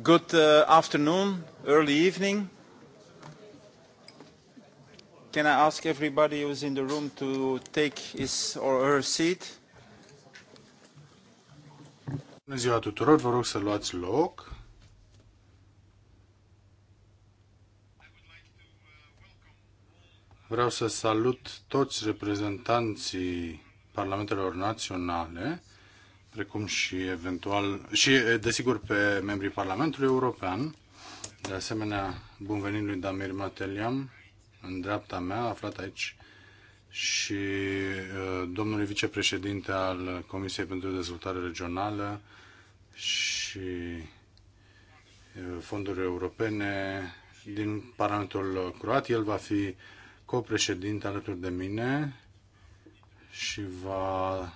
Good uh, afternoon, early evening. Can I ask everybody who's in the room to take his or her seat? Bună ziua tuturor, vă rog să luați loc. Vreau să salut toți reprezentanții Parlamentelor Naționale precum și eventual și desigur pe membrii Parlamentului European. De asemenea, bun venit lui Damir Mateliam, în dreapta mea, aflat aici, și uh, domnului vicepreședinte al Comisiei pentru Dezvoltare Regională și uh, fonduri europene din Parlamentul Croat. El va fi copreședinte alături de mine și va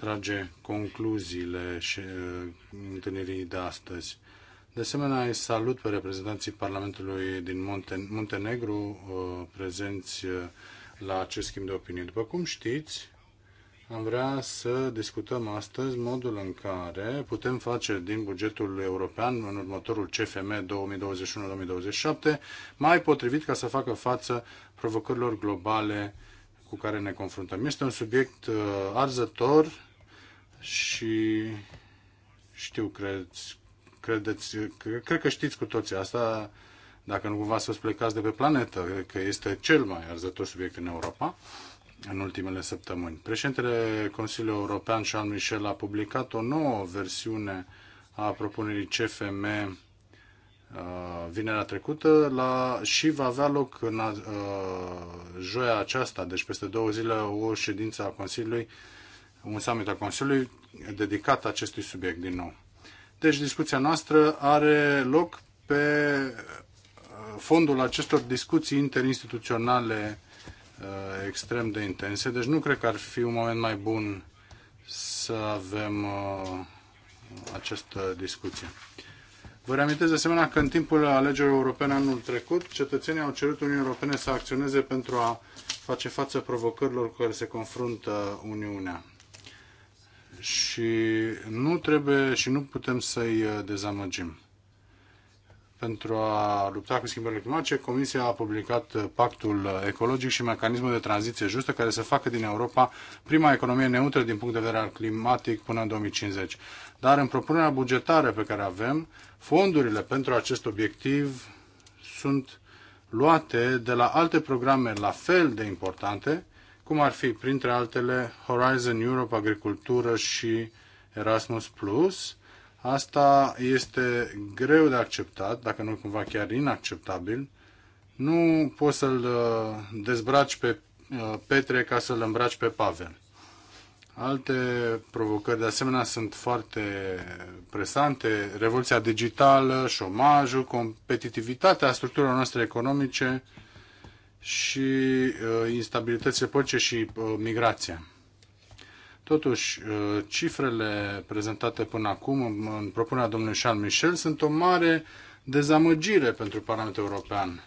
trage concluziile și, întâlnirii de astăzi. De asemenea, îi salut pe reprezentanții Parlamentului din Monten- Muntenegru uh, prezenți uh, la acest schimb de opinie. După cum știți, am vrea să discutăm astăzi modul în care putem face din bugetul european în următorul CFM 2021-2027 mai potrivit ca să facă față provocărilor globale cu care ne confruntăm. Este un subiect uh, arzător și știu, credeți, credeți, cred că știți cu toții asta, dacă nu cumva să plecați de pe planetă, cred că este cel mai arzător subiect în Europa în ultimele săptămâni. Președintele Consiliului European Charles Michel a publicat o nouă versiune a propunerii CFM uh, vinerea trecută la, și va avea loc în a, uh, a, joia aceasta, deci peste două zile, o ședință a Consiliului un summit al Consiliului dedicat acestui subiect din nou. Deci discuția noastră are loc pe uh, fondul acestor discuții interinstituționale uh, extrem de intense, deci nu cred că ar fi un moment mai bun să avem uh, această discuție. Vă reamintesc de asemenea că în timpul alegerilor europene anul trecut, cetățenii au cerut Uniunii Europene să acționeze pentru a face față provocărilor cu care se confruntă Uniunea și nu trebuie și nu putem să-i uh, dezamăgim. Pentru a lupta cu schimbările climatice, Comisia a publicat uh, Pactul uh, Ecologic și Mecanismul de Tranziție Justă, care să facă din Europa prima economie neutră din punct de vedere al climatic până în 2050. Dar în propunerea bugetară pe care avem, fondurile pentru acest obiectiv sunt luate de la alte programe la fel de importante, cum ar fi, printre altele, Horizon Europe, Agricultură și Erasmus+. Plus. Asta este greu de acceptat, dacă nu cumva chiar inacceptabil. Nu poți să-l uh, dezbraci pe uh, Petre ca să-l îmbraci pe Pavel. Alte provocări, de asemenea, sunt foarte presante. Revoluția digitală, șomajul, competitivitatea structurilor noastre economice, și uh, instabilitățile politice și uh, migrația. Totuși, uh, cifrele prezentate până acum în, în propunerea domnului Charles Michel sunt o mare dezamăgire pentru Parlamentul European.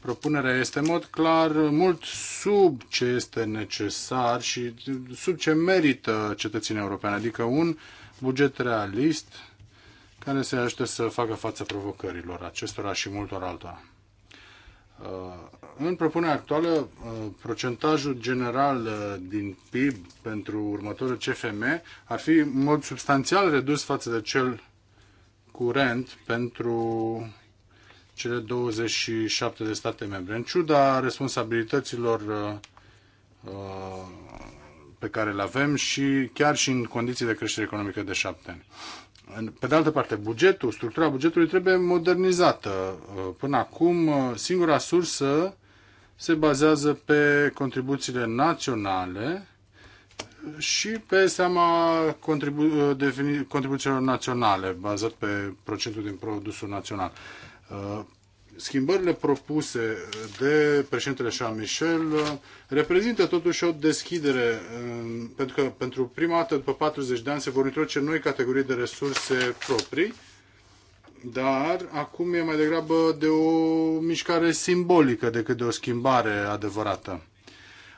Propunerea este în mod clar mult sub ce este necesar și sub ce merită cetățenii europeni, adică un buget realist care să-i ajute să facă față provocărilor acestora și multor altora. Uh, în propunerea actuală, uh, procentajul general uh, din PIB pentru următorul CFM ar fi în mod substanțial redus față de cel curent pentru cele 27 de state membre. În ciuda responsabilităților uh, pe care le avem și chiar și în condiții de creștere economică de șapte ani. Pe de altă parte, bugetul, structura bugetului trebuie modernizată. Până acum, singura sursă se bazează pe contribuțiile naționale și pe seama contribu- defini- contribuțiilor naționale, bazat pe procentul din produsul național. Uh, schimbările propuse de președintele jean Michel uh, reprezintă totuși o deschidere, um, pentru că pentru prima dată după 40 de ani se vor introduce noi categorii de resurse proprii, dar acum e mai degrabă de o mișcare simbolică decât de o schimbare adevărată.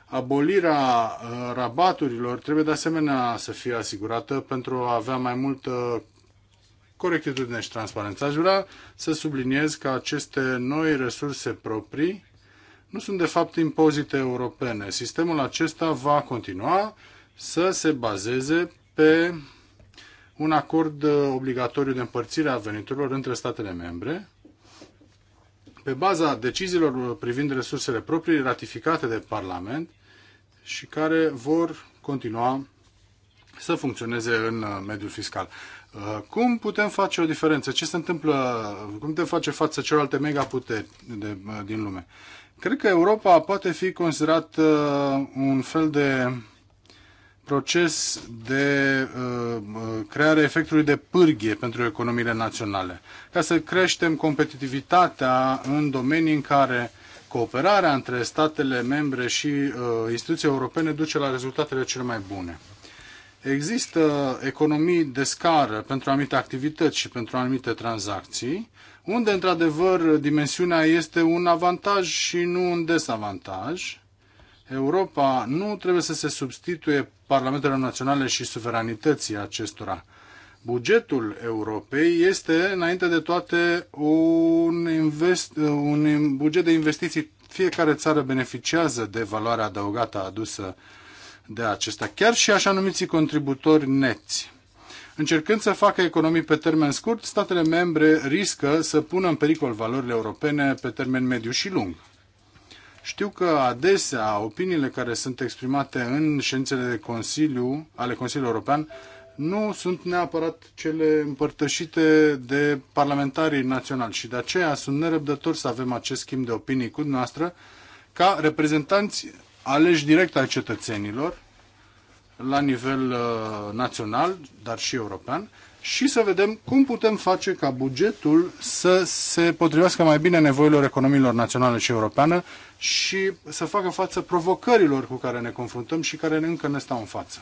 Abolirea uh, rabaturilor trebuie de asemenea să fie asigurată pentru a avea mai multă corectitudine și transparență. Aș vrea să subliniez că aceste noi resurse proprii nu sunt de fapt impozite europene. Sistemul acesta va continua să se bazeze pe un acord uh, obligatoriu de împărțire a veniturilor între statele membre, pe baza deciziilor uh, privind resursele proprii ratificate de Parlament și care vor continua să funcționeze în uh, mediul fiscal. Cum putem face o diferență? Ce se întâmplă? Cum putem face față celorlalte megaputeri de, din lume? Cred că Europa poate fi considerată un fel de proces de uh, uh, creare efectului de pârghie pentru economiile naționale, ca să creștem competitivitatea în domenii în care cooperarea între statele membre și uh, instituții europene duce la rezultatele cele mai bune. Există economii de scară pentru anumite activități și pentru anumite tranzacții, unde, într-adevăr, dimensiunea este un avantaj și nu un dezavantaj, Europa nu trebuie să se substituie parlamentelor naționale și suveranității acestora. Bugetul Europei este, înainte de toate, un, invest, un buget de investiții. Fiecare țară beneficiază de valoarea adăugată adusă de acesta, chiar și așa numiții contributori neți. Încercând să facă economii pe termen scurt, statele membre riscă să pună în pericol valorile europene pe termen mediu și lung. Știu că adesea opiniile care sunt exprimate în ședințele de Consiliu, ale Consiliului European, nu sunt neapărat cele împărtășite de parlamentarii naționali și de aceea sunt nerăbdător să avem acest schimb de opinii cu noastră ca reprezentanți aleși direct ai cetățenilor la nivel uh, național, dar și european, și să vedem cum putem face ca bugetul să se potrivească mai bine nevoilor economiilor naționale și europeană și să facă față provocărilor cu care ne confruntăm și care încă ne stau în față.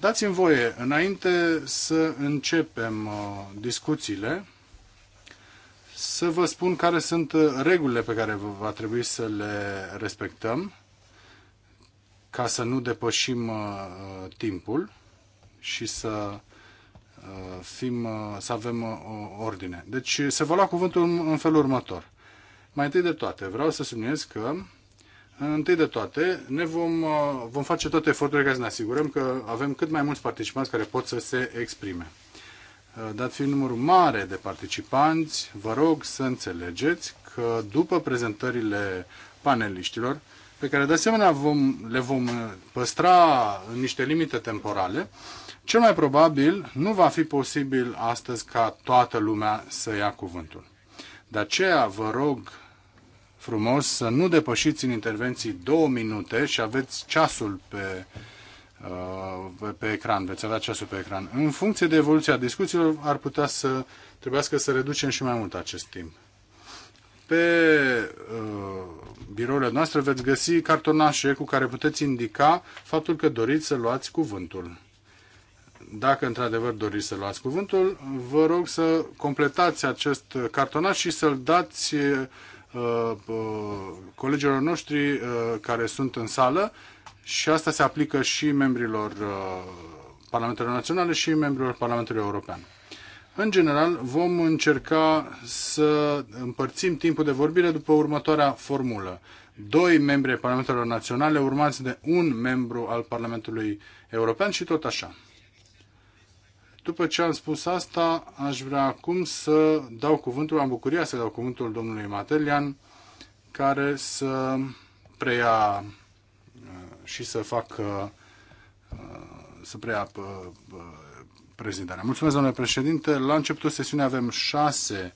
Dați-mi voie, înainte să începem uh, discuțiile, să vă spun care sunt uh, regulile pe care va trebui să le respectăm ca să nu depășim uh, timpul și să fim, să avem o ordine. Deci se va lua cuvântul în felul următor. Mai întâi de toate, vreau să subliniez că Întâi de toate, ne vom, uh, vom face toate eforturile ca să ne asigurăm că avem cât mai mulți participanți care pot să se exprime. Uh, dat fiind numărul mare de participanți, vă rog să înțelegeți că după prezentările paneliștilor, pe care de asemenea vom, le vom uh, păstra în niște limite temporale, cel mai probabil nu va fi posibil astăzi ca toată lumea să ia cuvântul. De aceea vă rog frumos să nu depășiți în intervenții două minute și aveți ceasul pe, uh, pe ecran, veți avea ceasul pe ecran. În funcție de evoluția discuțiilor, ar putea să trebuiască să reducem și mai mult acest timp. Pe uh, birourile noastre veți găsi cartonașe cu care puteți indica faptul că doriți să luați cuvântul. Dacă într-adevăr doriți să luați cuvântul, vă rog să completați acest cartonaș și să-l dați uh, Uh, uh, colegilor noștri uh, care sunt în sală și asta se aplică și membrilor parlamentului Naționale și membrilor Parlamentului European. În general, vom încerca să împărțim timpul de vorbire după următoarea formulă. Doi membri ai Parlamentelor Naționale urmați de un membru al Parlamentului European și tot așa. După ce am spus asta, aș vrea acum să dau cuvântul, am bucuria să dau cuvântul domnului Matelian, care să preia uh, și să facă uh, să preia uh, prezentarea. Mulțumesc, domnule președinte. La începutul sesiunii avem șase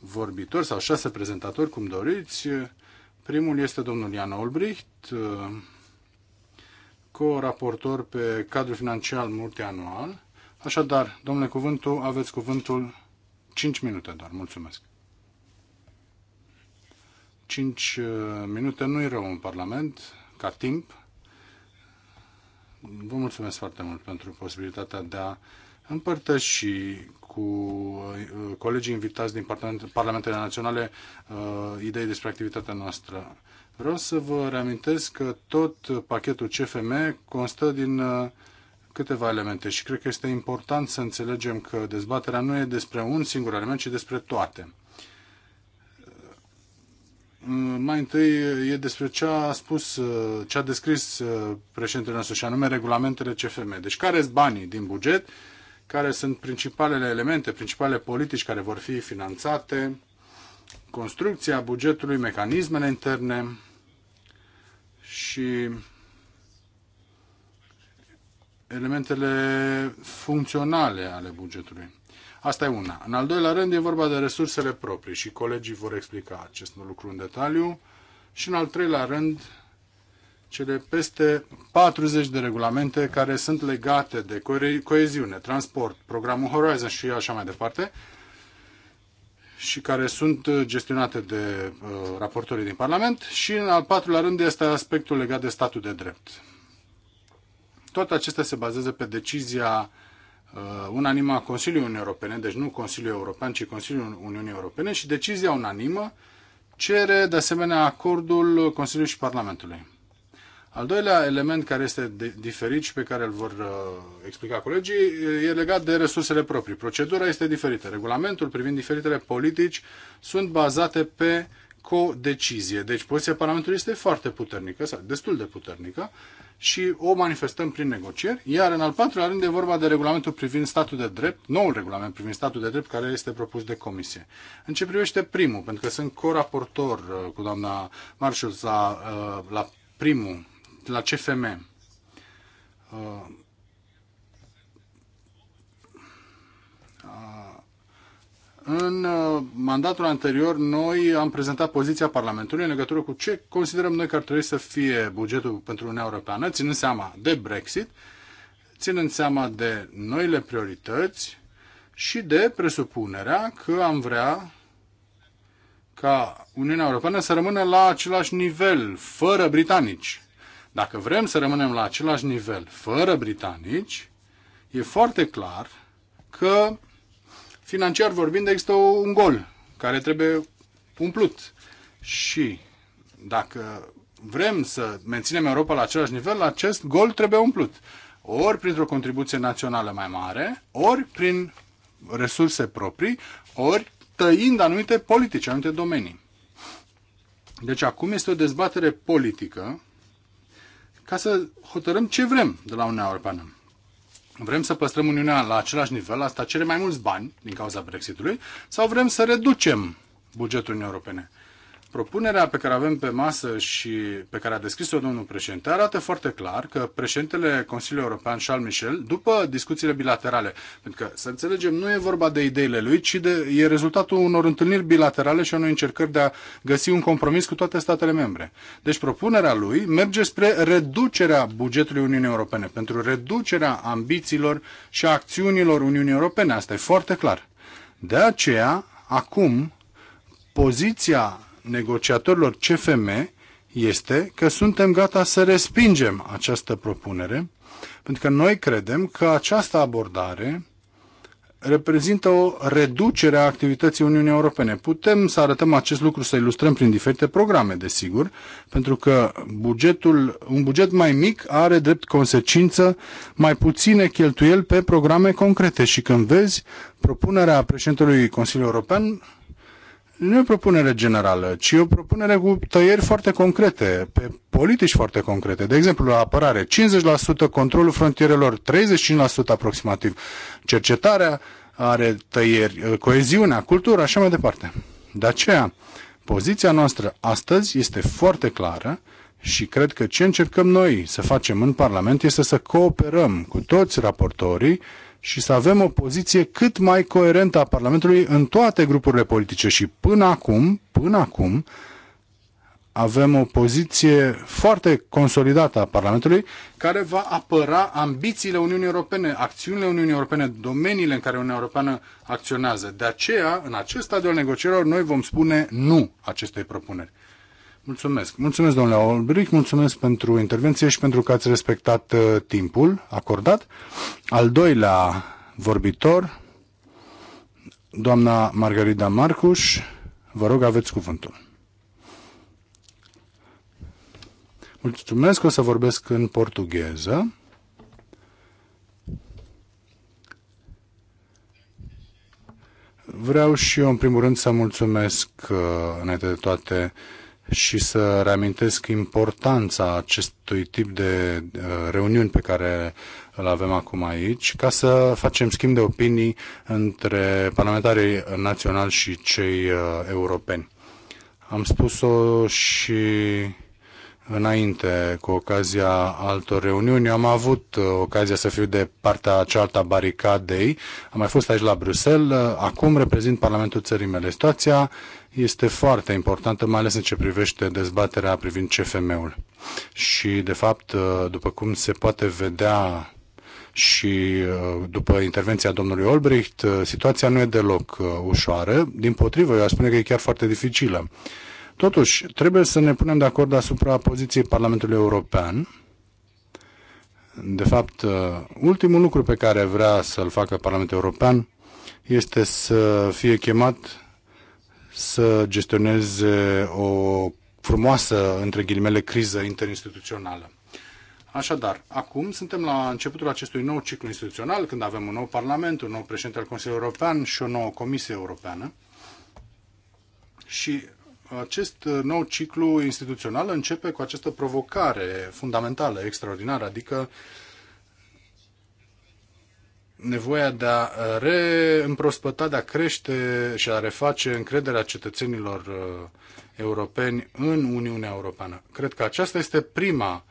vorbitori sau șase prezentatori, cum doriți. Primul este domnul Ian Olbricht, co-raportor pe cadrul financiar multianual. Așadar, domnule cuvântul, aveți cuvântul 5 minute doar. Mulțumesc. 5 uh, minute nu e rău în Parlament, ca timp. Vă mulțumesc foarte mult pentru posibilitatea de a împărtăși cu uh, colegii invitați din Parlamentele Naționale uh, idei despre activitatea noastră. Vreau să vă reamintesc că tot pachetul CFM constă din câteva elemente și cred că este important să înțelegem că dezbaterea nu e despre un singur element, ci despre toate. Mai întâi e despre ce a spus, ce a descris uh, președintele nostru și anume regulamentele CFM. Deci care sunt banii din buget, care sunt principalele elemente, principalele politici care vor fi finanțate, construcția bugetului, mecanismele interne și elementele funcționale ale bugetului. Asta e una. În al doilea rând e vorba de resursele proprii și colegii vor explica acest lucru în detaliu. Și în al treilea rând, cele peste 40 de regulamente care sunt legate de coeziune, transport, programul Horizon și așa mai departe, și care sunt gestionate de uh, raportorii din Parlament și în al patrulea rând este aspectul legat de statul de drept toate acestea se bazează pe decizia uh, unanimă a Consiliului Uniunii Europene, deci nu Consiliul European, ci Consiliul Uniunii Europene și decizia unanimă cere de asemenea acordul Consiliului și Parlamentului. Al doilea element care este diferit și pe care îl vor uh, explica colegii e legat de resursele proprii. Procedura este diferită. Regulamentul privind diferitele politici sunt bazate pe co-decizie. Deci poziția Parlamentului este foarte puternică, sau destul de puternică, și o manifestăm prin negocieri. Iar în al patrulea rând e vorba de regulamentul privind statul de drept, noul regulament privind statul de drept care este propus de comisie. În ce privește primul, pentru că sunt co-raportor uh, cu doamna Marșul la, uh, la primul, la CFM, uh, În uh, mandatul anterior, noi am prezentat poziția Parlamentului în legătură cu ce considerăm noi că ar trebui să fie bugetul pentru Uniunea Europeană, ținând seama de Brexit, ținând seama de noile priorități și de presupunerea că am vrea ca Uniunea Europeană să rămână la același nivel, fără britanici. Dacă vrem să rămânem la același nivel, fără britanici, e foarte clar că financiar vorbind, există un gol care trebuie umplut. Și dacă vrem să menținem Europa la același nivel, acest gol trebuie umplut. Ori printr-o contribuție națională mai mare, ori prin resurse proprii, ori tăind anumite politici, anumite domenii. Deci acum este o dezbatere politică ca să hotărâm ce vrem de la Uniunea Europeană. Vrem să păstrăm Uniunea la același nivel, asta cere mai mulți bani din cauza Brexitului, sau vrem să reducem bugetul Uniunii Europene? Propunerea pe care avem pe masă și pe care a descris-o domnul președinte arată foarte clar că președintele Consiliului European Charles Michel, după discuțiile bilaterale, pentru că, să înțelegem, nu e vorba de ideile lui, ci de, e rezultatul unor întâlniri bilaterale și a unor încercări de a găsi un compromis cu toate statele membre. Deci propunerea lui merge spre reducerea bugetului Uniunii Europene, pentru reducerea ambițiilor și a acțiunilor Uniunii Europene. Asta e foarte clar. De aceea, acum, poziția negociatorilor CFM este că suntem gata să respingem această propunere, pentru că noi credem că această abordare reprezintă o reducere a activității Uniunii Europene. Putem să arătăm acest lucru, să ilustrăm prin diferite programe, desigur, pentru că bugetul, un buget mai mic are drept consecință mai puține cheltuieli pe programe concrete și când vezi propunerea președintelui Consiliului European, nu e o propunere generală, ci o propunere cu tăieri foarte concrete, pe politici foarte concrete. De exemplu, la apărare, 50% controlul frontierelor, 35% aproximativ. Cercetarea are tăieri, uh, coeziunea, cultura, așa mai departe. De aceea, poziția noastră astăzi este foarte clară și cred că ce încercăm noi să facem în Parlament este să cooperăm cu toți raportorii și să avem o poziție cât mai coerentă a Parlamentului în toate grupurile politice. Și până acum, până acum, avem o poziție foarte consolidată a Parlamentului care va apăra ambițiile Uniunii Europene, acțiunile Uniunii Europene, domeniile în care Uniunea Europeană acționează. De aceea, în acest stadiu al negocierilor, noi vom spune nu acestei propuneri. Mulțumesc. Mulțumesc, domnule Olbrich, mulțumesc pentru intervenție și pentru că ați respectat uh, timpul acordat. Al doilea vorbitor, doamna Margarida Marcuș, vă rog, aveți cuvântul. Mulțumesc, o să vorbesc în portugheză. Vreau și eu, în primul rând, să mulțumesc, uh, înainte de toate, uh, și să reamintesc importanța acestui tip de uh, reuniuni pe care îl avem acum aici, ca să facem schimb de opinii între parlamentarii naționali și cei uh, europeni. Am spus-o și înainte, cu ocazia altor reuniuni. Am avut uh, ocazia să fiu de partea cealaltă a baricadei. Am mai fost aici la Bruxelles. Acum reprezint Parlamentul țării mele. Situația este foarte importantă, mai ales în ce privește dezbaterea privind CFM-ul. Și, de fapt, uh, după cum se poate vedea și uh, după intervenția domnului Olbricht, situația nu e deloc ușoară. Din potrivă, eu aș spune că e chiar foarte dificilă. Totuși, trebuie să ne punem de acord asupra poziției Parlamentului European. De fapt, uh, ultimul lucru pe care vrea să-l facă Parlamentul European este să fie chemat să gestioneze o frumoasă, între ghilimele, criză interinstituțională. Așadar, acum suntem la începutul acestui nou ciclu instituțional, când avem un nou Parlament, un nou președinte al Consiliului European și o nouă Comisie Europeană. Și acest uh, nou ciclu instituțional începe cu această provocare fundamentală, extraordinară, adică nevoia de a uh, reîmprospăta, de a crește și a reface încrederea cetățenilor uh, europeni în Uniunea Europeană. Cred că aceasta este prima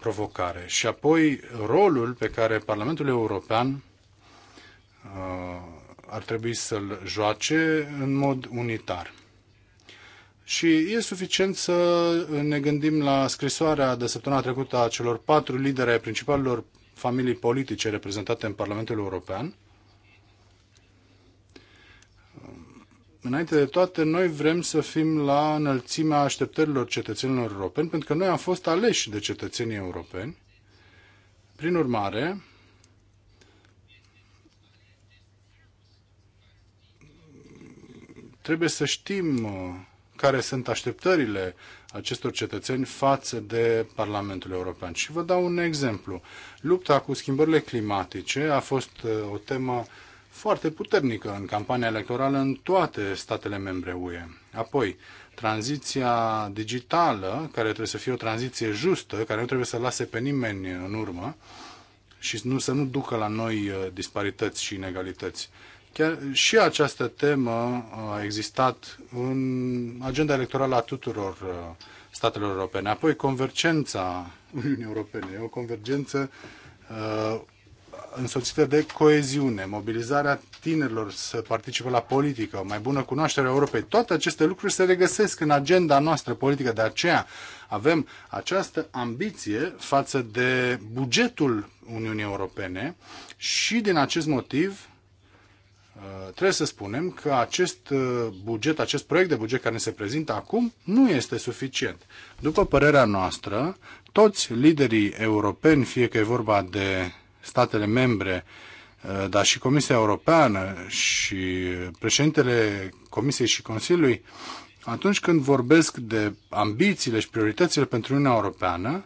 provocare și apoi rolul pe care Parlamentul European ar trebui să-l joace în mod unitar. Și e suficient să ne gândim la scrisoarea de săptămâna trecută a celor patru lideri ai principalilor familii politice reprezentate în Parlamentul European. Înainte de toate, noi vrem să fim la înălțimea așteptărilor cetățenilor europeni, pentru că noi am fost aleși de cetățenii europeni. Prin urmare, trebuie să știm uh, care sunt așteptările acestor cetățeni față de Parlamentul European. Și vă dau un exemplu. Lupta cu schimbările climatice a fost uh, o temă foarte puternică în campania electorală în toate statele membre UE. Apoi, tranziția digitală, care trebuie să fie o tranziție justă, care nu trebuie să lase pe nimeni în urmă și nu, să nu ducă la noi uh, disparități și inegalități. Chiar și această temă a existat în agenda electorală a tuturor uh, statelor europene. Apoi, convergența Uniunii Europene e o convergență uh, însoțită de coeziune, mobilizarea tinerilor să participe la politică, o mai bună cunoaștere a Europei. Toate aceste lucruri se regăsesc în agenda noastră politică, de aceea avem această ambiție față de bugetul Uniunii Europene și din acest motiv Uh, trebuie să spunem că acest uh, buget, acest proiect de buget care ne se prezintă acum, nu este suficient. După părerea noastră, toți liderii europeni, fie că e vorba de statele membre, uh, dar și Comisia Europeană și președintele Comisiei și Consiliului, atunci când vorbesc de ambițiile și prioritățile pentru Uniunea Europeană,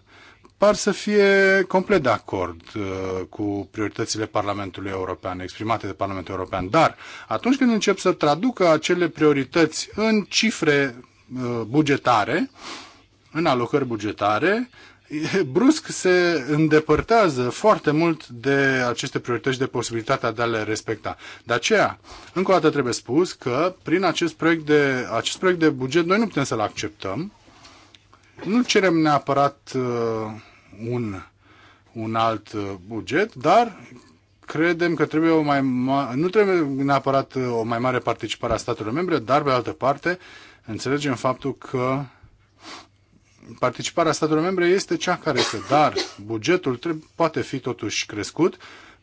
par să fie complet de acord uh, cu prioritățile Parlamentului European, exprimate de Parlamentul European. Dar atunci când încep să traducă acele priorități în cifre uh, bugetare, în alocări bugetare, brusc se îndepărtează foarte mult de aceste priorități de posibilitatea de a le respecta. De aceea, încă o dată trebuie spus că prin acest proiect de, acest proiect de buget noi nu putem să-l acceptăm. Nu cerem neapărat uh, un, un alt uh, buget, dar credem că trebuie o mai ma- nu trebuie neapărat uh, o mai mare participare a statelor membre, dar pe altă parte înțelegem faptul că participarea statelor membre este cea care este, dar bugetul trebuie, poate fi totuși crescut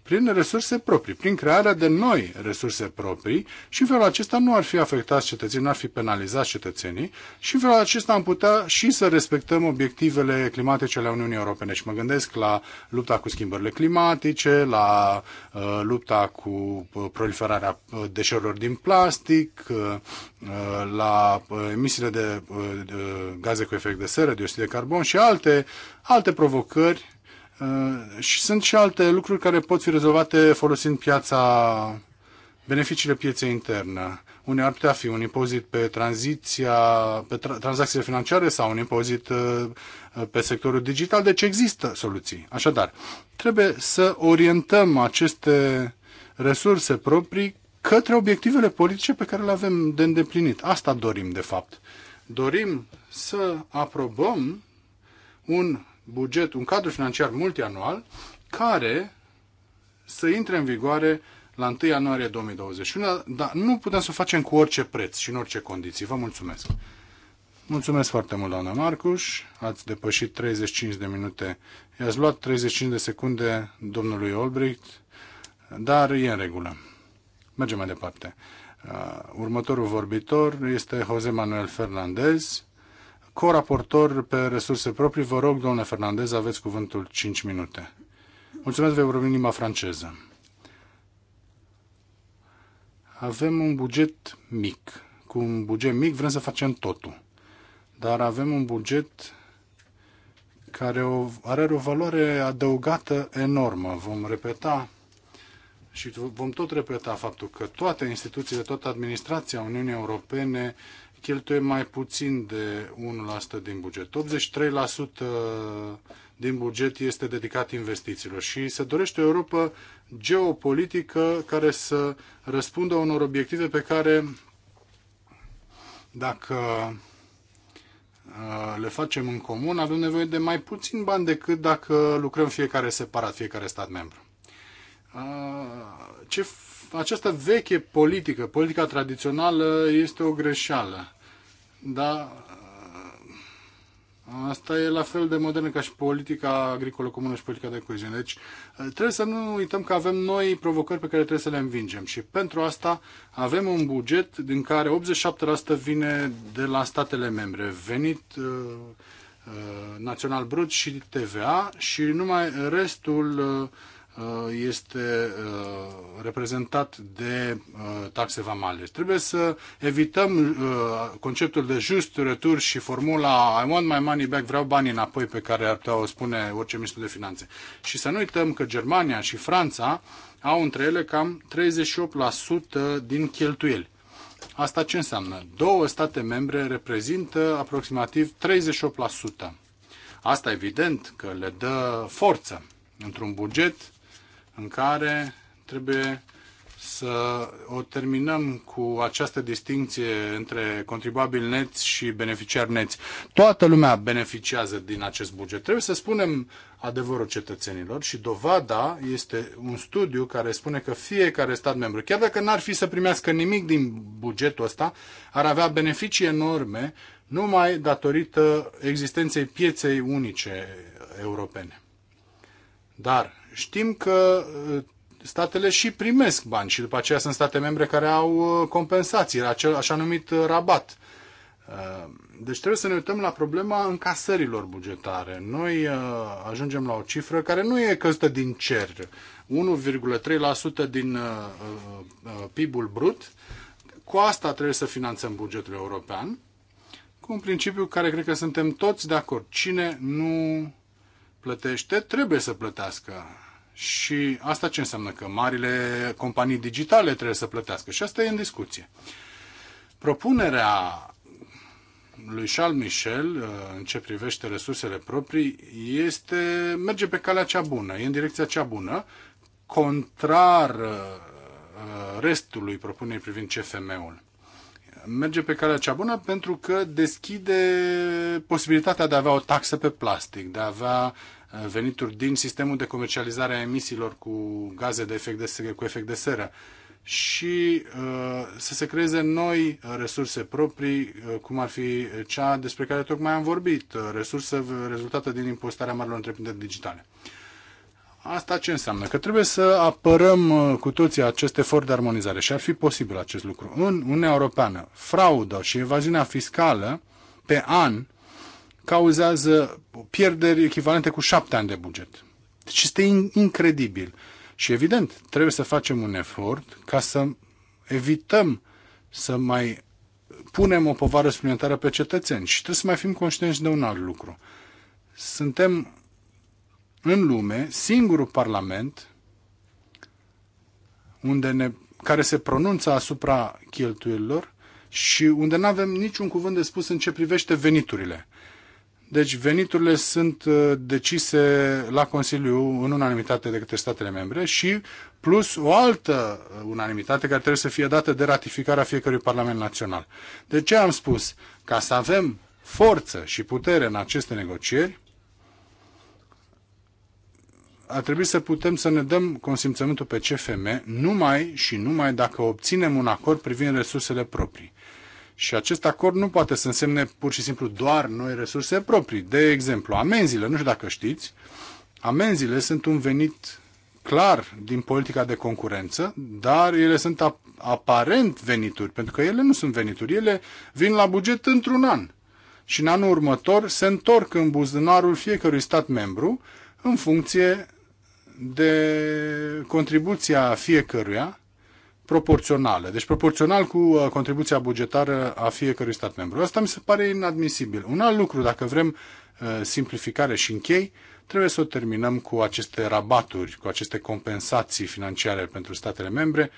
prin resurse proprii, prin crearea de noi resurse proprii și în felul acesta nu ar fi afectat cetățenii, nu ar fi penalizat cetățenii și în felul acesta am putea și să respectăm obiectivele climatice ale Uniunii Europene. Și mă gândesc la lupta cu schimbările climatice, la uh, lupta cu uh, proliferarea uh, deșeurilor din plastic, uh, la uh, emisiile de, uh, de gaze cu efect de seră, dioxid de carbon și alte, alte provocări Uh, și sunt și alte lucruri care pot fi rezolvate folosind piața, beneficiile pieței interne. Unii ar putea fi un impozit pe tranziția, pe tra- tranzacțiile financiare sau un impozit uh, pe sectorul digital, deci există soluții. Așadar, trebuie să orientăm aceste resurse proprii către obiectivele politice pe care le avem de îndeplinit. Asta dorim, de fapt. Dorim să aprobăm un buget, un cadru financiar multianual care să intre în vigoare la 1 ianuarie 2021, dar nu putem să o facem cu orice preț și în orice condiții. Vă mulțumesc! Mulțumesc foarte mult, doamna Marcuș. Ați depășit 35 de minute. I-ați luat 35 de secunde domnului Olbricht, dar e în regulă. Mergem mai departe. Uh, următorul vorbitor este Jose Manuel Fernandez coraportor pe resurse proprii. Vă rog, domnule Fernandez, aveți cuvântul 5 minute. Mulțumesc, vei vorbi în limba franceză. Avem un buget mic. Cu un buget mic vrem să facem totul. Dar avem un buget care o, are o valoare adăugată enormă. Vom repeta și vom tot repeta faptul că toate instituțiile, toată administrația Uniunii Europene cheltuie mai puțin de 1% din buget. 83% din buget este dedicat investițiilor și se dorește o Europa geopolitică care să răspundă unor obiective pe care dacă uh, le facem în comun, avem nevoie de mai puțin bani decât dacă lucrăm fiecare separat, fiecare stat membru. Uh, ce această veche politică, politica tradițională, este o greșeală. Dar uh, Asta e la fel de modernă ca și politica agricolă comună și politica de coeziune. Deci uh, trebuie să nu uităm că avem noi provocări pe care trebuie să le învingem și pentru asta avem un buget din care 87% vine de la statele membre, venit uh, uh, național brut și TVA și numai restul uh, Uh, este uh, reprezentat de uh, taxe vamale. Trebuie să evităm conceptul de just retur și formula I want my money back, vreau banii înapoi pe care ar putea o spune orice ministru de finanțe. Și să nu uităm că Germania și Franța au între ele cam 38% din cheltuieli. Asta ce înseamnă? Două state membre reprezintă aproximativ 38%. Asta evident că le dă forță într-un buget în care trebuie să o terminăm cu această distinție între contribuabil neți și beneficiar neți. Toată lumea beneficiază din acest buget. Trebuie să spunem adevărul cetățenilor și dovada este un studiu care spune că fiecare stat membru, chiar dacă n-ar fi să primească nimic din bugetul ăsta, ar avea beneficii enorme numai datorită existenței pieței unice europene. Dar știm că uh, statele și primesc bani și după aceea sunt state membre care au uh, compensații, acel așa numit uh, rabat. Deci trebuie să ne uităm la problema încasărilor bugetare. Noi ajungem la o cifră care nu e căzută din cer. 1,3% din PIB-ul brut. Cu asta trebuie să finanțăm bugetul european. Cu un principiu care cred că suntem toți de acord. Cine nu plătește, trebuie să plătească. Și asta ce înseamnă? Că marile companii digitale trebuie să plătească. Și asta e în discuție. Propunerea lui Charles Michel uh, în ce privește resursele proprii este, merge pe calea cea bună, e în direcția cea bună, contrar uh, restului propunerii privind CFM-ul. Merge pe calea cea bună pentru că deschide posibilitatea de a avea o taxă pe plastic, de a avea Uh, venituri din sistemul de comercializare a emisiilor cu gaze de efect de, seră, cu efect de seră și uh, să se creeze noi uh, resurse proprii, uh, cum ar fi cea despre care tocmai am vorbit, resurse rezultate din impostarea marilor întreprinderi digitale. Asta ce înseamnă? Că trebuie să apărăm cu toții acest efort de armonizare și ar fi posibil acest lucru. În Uniunea Europeană, fraudă și evaziunea fiscală pe an cauzează pierderi echivalente cu șapte ani de buget. Deci este incredibil. Și evident, trebuie să facem un efort ca să evităm să mai punem o povară suplimentară pe cetățeni și trebuie să mai fim conștienți de un alt lucru. Suntem în lume singurul parlament unde ne, care se pronunță asupra cheltuielilor și unde nu avem niciun cuvânt de spus în ce privește veniturile. Deci veniturile sunt uh, decise la Consiliu în unanimitate de către statele membre și plus o altă uh, unanimitate care trebuie să fie dată de ratificarea fiecărui Parlament Național. De ce am spus? Ca să avem forță și putere în aceste negocieri, ar trebui să putem să ne dăm consimțământul pe CFM numai și numai dacă obținem un acord privind resursele proprii. Și acest acord nu poate să însemne pur și simplu doar noi resurse proprii. De exemplu, amenziile, nu știu dacă știți, amenziile sunt un venit clar din politica de concurență, dar ele sunt ap aparent venituri, pentru că ele nu sunt venituri, ele vin la buget într-un an. Și în anul următor se întorc în buzunarul fiecărui stat membru în funcție de contribuția fiecăruia proporționale, deci proporțional cu uh, contribuția bugetară a fiecărui stat membru. Asta mi se pare inadmisibil. Un alt lucru, dacă vrem uh, simplificare și închei, trebuie să o terminăm cu aceste rabaturi, cu aceste compensații financiare pentru statele membre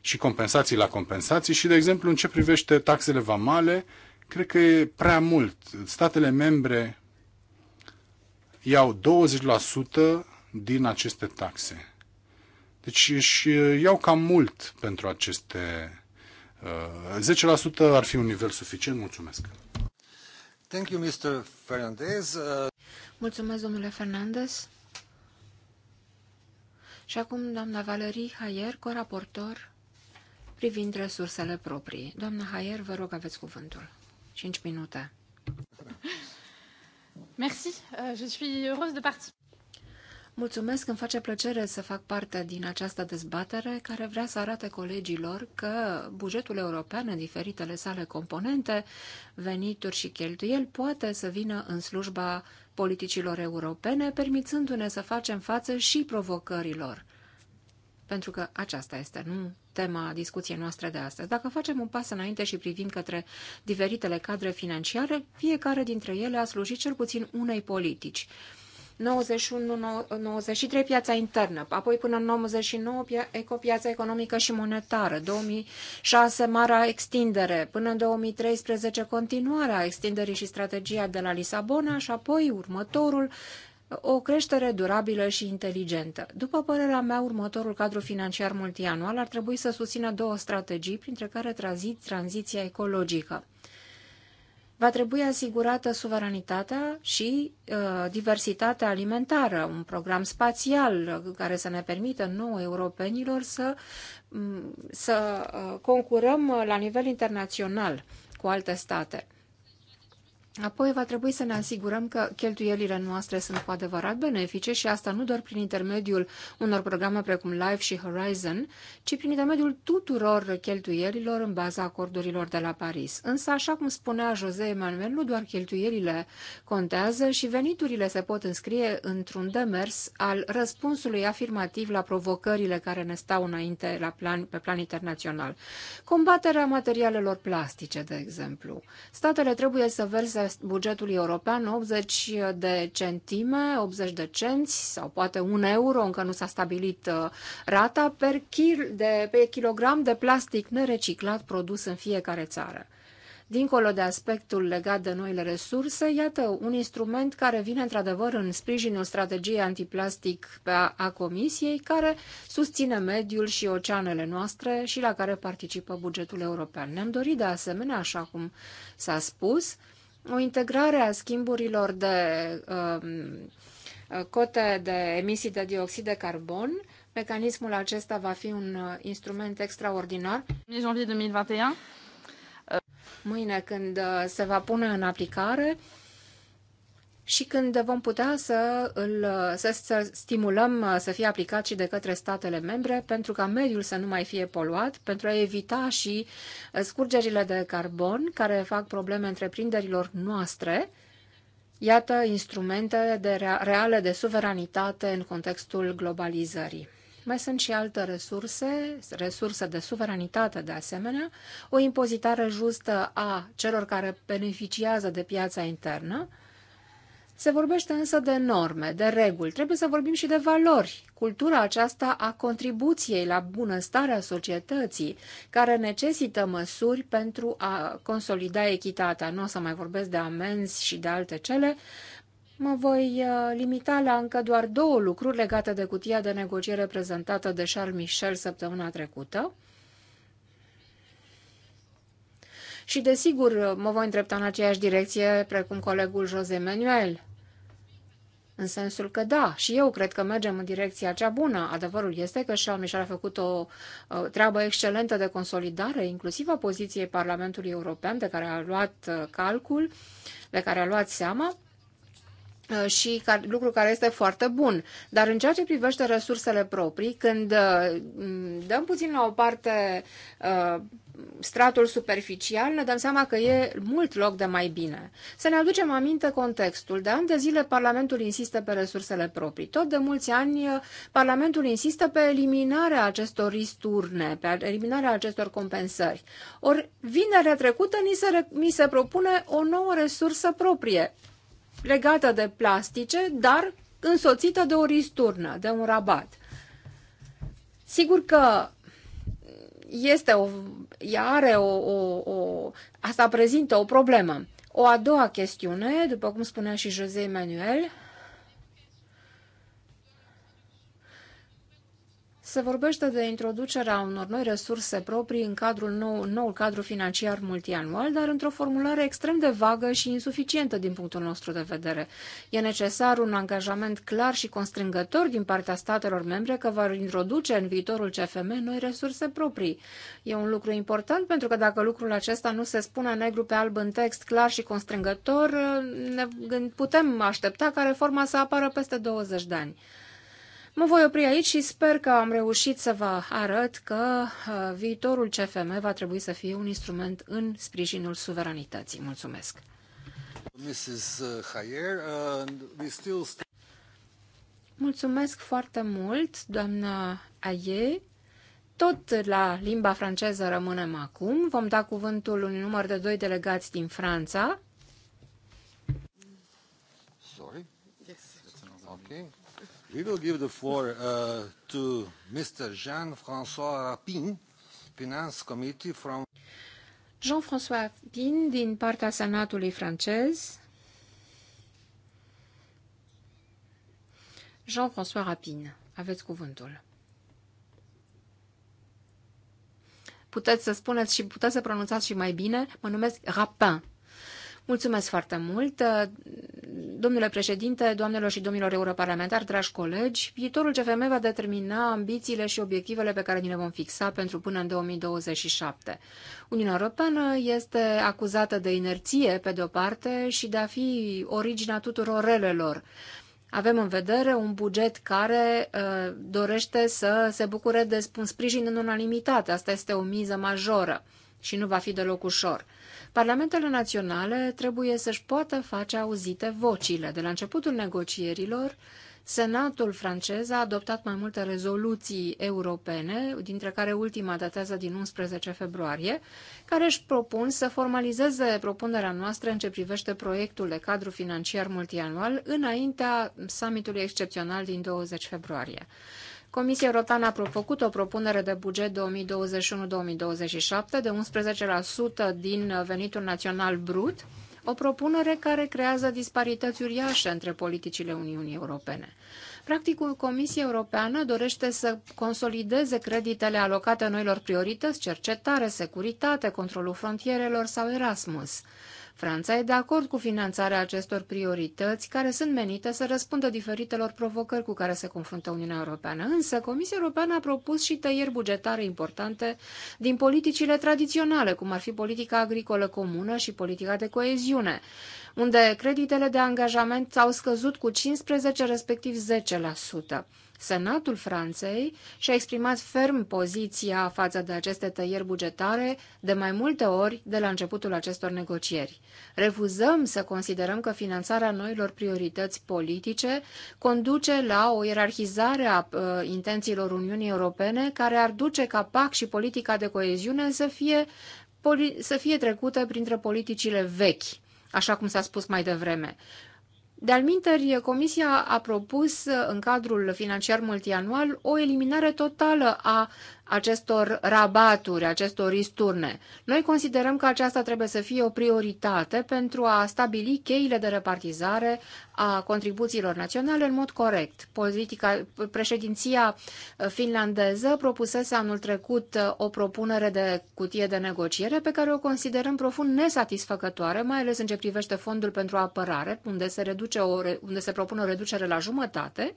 și compensații la compensații și, de exemplu, în ce privește taxele vamale, cred că e prea mult. Statele membre iau 20% din aceste taxe. Deci își uh, iau cam mult pentru aceste... 10% uh, ar fi un nivel suficient. Mulțumesc. Thank you, Mr. Fernandez. Uh, Mulțumesc, domnule Fernandez. Și acum doamna Valerie Haier, coraportor privind resursele proprii. Doamna Haier, vă rog, aveți cuvântul. 5 minute. Merci, euh, je suis heureuse de participer. Mulțumesc, îmi face plăcere să fac parte din această dezbatere care vrea să arate colegilor că bugetul european în diferitele sale componente, venituri și cheltuieli poate să vină în slujba politicilor europene, permițându-ne să facem față și provocărilor. Pentru că aceasta este, nu tema discuției noastre de astăzi. Dacă facem un pas înainte și privim către diferitele cadre financiare, fiecare dintre ele a slujit cel puțin unei politici. 91-93 piața internă, apoi până în 99 ecopiața economică și monetară, 2006 marea extindere, până în 2013 continuarea extinderii și strategia de la Lisabona și apoi următorul o creștere durabilă și inteligentă. După părerea mea, următorul cadru financiar multianual ar trebui să susțină două strategii, printre care tranziția ecologică va trebui asigurată suveranitatea și uh, diversitatea alimentară, un program spațial uh, care să ne permită nouă europenilor să, mm, să uh, concurăm uh, la nivel internațional cu alte state. Apoi va trebui să ne asigurăm că cheltuielile noastre sunt cu adevărat benefice și asta nu doar prin intermediul unor programe precum Life și Horizon, ci prin intermediul tuturor cheltuielilor în baza acordurilor de la Paris. Însă, așa cum spunea José Emanuel, nu doar cheltuielile contează și veniturile se pot înscrie într-un demers al răspunsului afirmativ la provocările care ne stau înainte la plan, pe plan internațional. Combaterea materialelor plastice, de exemplu. Statele trebuie să verse bugetul european 80 de centime, 80 de cenți sau poate un euro, încă nu s-a stabilit uh, rata, per, kil, de, pe kilogram de plastic nereciclat produs în fiecare țară. Dincolo de aspectul legat de noile resurse, iată un instrument care vine într-adevăr în sprijinul strategiei antiplastic pe a, a Comisiei, care susține mediul și oceanele noastre și la care participă bugetul european. Ne-am dorit de asemenea, așa cum s-a spus, o integrare a schimburilor de um, cote de emisii de dioxid de carbon. Mecanismul acesta va fi un uh, instrument extraordinar. Uh, Mâine, când uh, se va pune în aplicare, și când vom putea să, îl, să, să stimulăm să fie aplicat și de către statele membre pentru ca mediul să nu mai fie poluat, pentru a evita și scurgerile de carbon care fac probleme întreprinderilor noastre. Iată instrumente de reale de suveranitate în contextul globalizării. Mai sunt și alte resurse, resurse de suveranitate de asemenea, o impozitare justă a celor care beneficiază de piața internă, se vorbește însă de norme, de reguli, trebuie să vorbim și de valori. Cultura aceasta a contribuției la bunăstarea societății, care necesită măsuri pentru a consolida echitatea. Nu o să mai vorbesc de amenzi și de alte cele, Mă voi uh, limita la încă doar două lucruri legate de cutia de negociere prezentată de Charles Michel săptămâna trecută. și, desigur, mă voi îndrepta în aceeași direcție precum colegul Jose Manuel. În sensul că da, și eu cred că mergem în direcția cea bună. Adevărul este că Charles Michel a făcut o treabă excelentă de consolidare, inclusiv a poziției Parlamentului European, de care a luat uh, calcul, de care a luat seama. Uh, și lucru care este foarte bun. Dar în ceea ce privește resursele proprii, când uh, dăm puțin la o parte uh, stratul superficial, ne dăm seama că e mult loc de mai bine. Să ne aducem aminte contextul. De ani de zile Parlamentul insistă pe resursele proprii. Tot de mulți ani Parlamentul insistă pe eliminarea acestor risturne, pe eliminarea acestor compensări. Ori vinerea trecută ni se, mi se propune o nouă resursă proprie legată de plastice, dar însoțită de o risturnă, de un rabat. Sigur că este o, ea are o, o, o, asta prezintă o problemă. O a doua chestiune, după cum spunea și José Manuel, Se vorbește de introducerea unor noi resurse proprii în cadrul nou, noul cadru financiar multianual, dar într-o formulare extrem de vagă și insuficientă din punctul nostru de vedere. E necesar un angajament clar și constrângător din partea statelor membre că vor introduce în viitorul CFM noi resurse proprii. E un lucru important pentru că dacă lucrul acesta nu se spune negru pe alb în text clar și constrângător, ne putem aștepta ca reforma să apară peste 20 de ani. Mă voi opri aici și sper că am reușit să vă arăt că uh, viitorul CFM va trebui să fie un instrument în sprijinul suveranității. Mulțumesc! Mrs. Hayer, uh, uh, and we still Mulțumesc foarte mult, doamna Aie. Tot la limba franceză rămânem acum. Vom da cuvântul unui număr de doi delegați din Franța. Sorry? Yes. Okay. We will give the floor uh, to Mr. Jean-François Rapin, Finance Committee from... Jean-François Rapin, din partea Senatului francez. Jean-François Rapin, aveți cuvântul. Puteți să spuneți și puteți să pronunțați și mai bine. Mă numesc Rapin. Mulțumesc foarte mult. Domnule președinte, doamnelor și domnilor europarlamentari, dragi colegi, viitorul CFM va determina ambițiile și obiectivele pe care ni le vom fixa pentru până în 2027. Uniunea Europeană este acuzată de inerție, pe de-o parte, și de a fi originea tuturor relelor. Avem în vedere un buget care uh, dorește să se bucure de un sprijin în unanimitate. Asta este o miză majoră și nu va fi deloc ușor. Parlamentele naționale trebuie să-și poată face auzite vocile. De la începutul negocierilor, Senatul francez a adoptat mai multe rezoluții europene, dintre care ultima datează din 11 februarie, care își propun să formalizeze propunerea noastră în ce privește proiectul de cadru financiar multianual înaintea summitului excepțional din 20 februarie. Comisia Europeană a făcut o propunere de buget 2021-2027 de 11% din venitul național brut, o propunere care creează disparități uriașe între politicile Uniunii Europene. Practic, Comisia Europeană dorește să consolideze creditele alocate noilor priorități, cercetare, securitate, controlul frontierelor sau Erasmus. Franța e de acord cu finanțarea acestor priorități care sunt menite să răspundă diferitelor provocări cu care se confruntă Uniunea Europeană. Însă, Comisia Europeană a propus și tăieri bugetare importante din politicile tradiționale, cum ar fi politica agricolă comună și politica de coeziune, unde creditele de angajament au scăzut cu 15, respectiv 10%. Senatul Franței și-a exprimat ferm poziția față de aceste tăieri bugetare de mai multe ori de la începutul acestor negocieri. Refuzăm să considerăm că finanțarea noilor priorități politice conduce la o ierarhizare a uh, intențiilor Uniunii Europene care ar duce ca PAC și politica de coeziune să fie, să fie trecută printre politicile vechi, așa cum s-a spus mai devreme. De-al minteri, Comisia a propus, în cadrul financiar multianual, o eliminare totală a acestor rabaturi, acestor risturne. Noi considerăm că aceasta trebuie să fie o prioritate pentru a stabili cheile de repartizare a contribuțiilor naționale în mod corect. Politica, președinția finlandeză propusese anul trecut uh, o propunere de cutie de negociere pe care o considerăm profund nesatisfăcătoare, mai ales în ce privește fondul pentru apărare, unde se, reduce o, unde se propune o reducere la jumătate,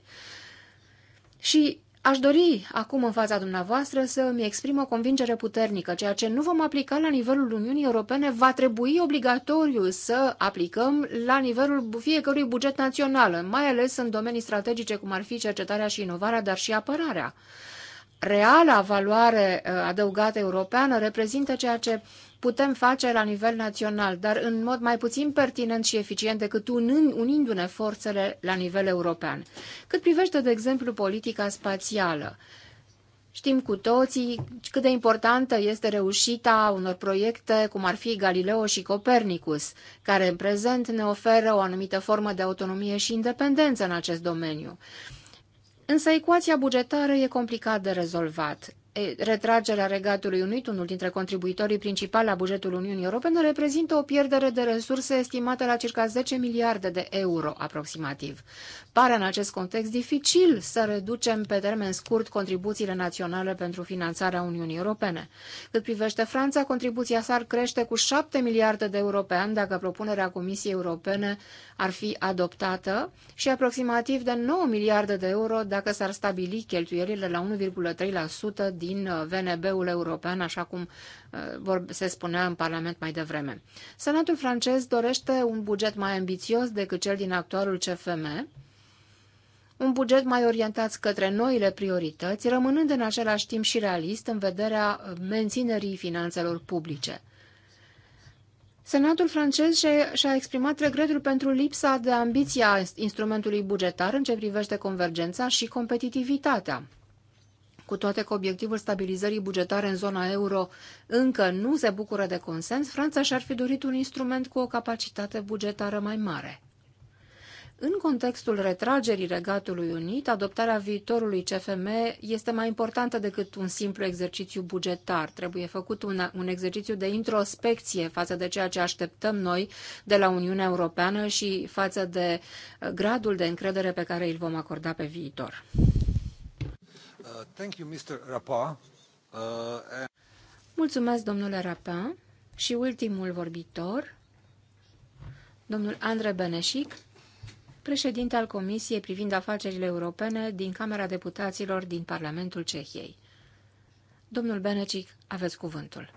și Aș dori acum în fața dumneavoastră să îmi exprim o convingere puternică. Ceea ce nu vom aplica la nivelul Uniunii Europene va trebui obligatoriu să aplicăm la nivelul fiecărui buget național, mai ales în domenii strategice cum ar fi cercetarea și inovarea, dar și apărarea. Reala valoare uh, adăugată europeană reprezintă ceea ce putem face la nivel național, dar în mod mai puțin pertinent și eficient decât unindu-ne forțele la nivel european. Cât privește, de exemplu, politica spațială, Știm cu toții cât de importantă este reușita unor proiecte cum ar fi Galileo și Copernicus, care în prezent ne oferă o anumită formă de autonomie și independență în acest domeniu. Însă ecuația bugetară e complicat de rezolvat retragerea Regatului Unit, unul dintre contribuitorii principali la bugetul Uniunii Europene, reprezintă o pierdere de resurse estimată la circa 10 miliarde de euro aproximativ. Pare în acest context dificil să reducem pe termen scurt contribuțiile naționale pentru finanțarea Uniunii Europene. Cât privește Franța, contribuția s-ar crește cu 7 miliarde de euro pe an dacă propunerea Comisiei Europene ar fi adoptată și aproximativ de 9 miliarde de euro dacă s-ar stabili cheltuielile la 1,3% din uh, VNB-ul european, așa cum uh, se spunea în Parlament mai devreme. Senatul francez dorește un buget mai ambițios decât cel din actualul CFM, un buget mai orientat către noile priorități, rămânând în același timp și realist în vederea menținerii finanțelor publice. Senatul francez și-a exprimat regretul pentru lipsa de ambiție a instrumentului bugetar în ce privește convergența și competitivitatea. Cu toate că obiectivul stabilizării bugetare în zona euro încă nu se bucură de consens, Franța și-ar fi dorit un instrument cu o capacitate bugetară mai mare. În contextul retragerii Regatului Unit, adoptarea viitorului CFM este mai importantă decât un simplu exercițiu bugetar. Trebuie făcut un, un exercițiu de introspecție față de ceea ce așteptăm noi de la Uniunea Europeană și față de uh, gradul de încredere pe care îl vom acorda pe viitor. Uh, thank you, Mr. Uh, and... Mulțumesc, domnule Rapin. Și ultimul vorbitor, domnul Andre Beneșic, președinte al Comisiei privind afacerile europene din Camera Deputaților din Parlamentul Cehiei. Domnul Benecic, aveți cuvântul.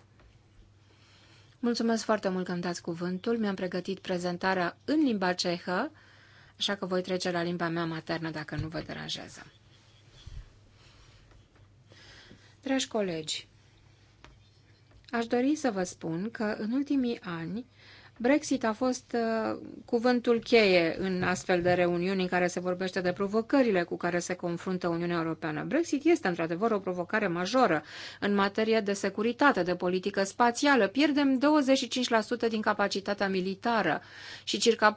Mulțumesc foarte mult că îmi dați cuvântul. Mi-am pregătit prezentarea în limba cehă, așa că voi trece la limba mea maternă dacă nu vă deranjează. Dragi colegi, aș dori să vă spun că în ultimii ani Brexit a fost uh, cuvântul cheie în astfel de reuniuni în care se vorbește de provocările cu care se confruntă Uniunea Europeană. Brexit este într-adevăr o provocare majoră în materie de securitate, de politică spațială. Pierdem 25% din capacitatea militară și circa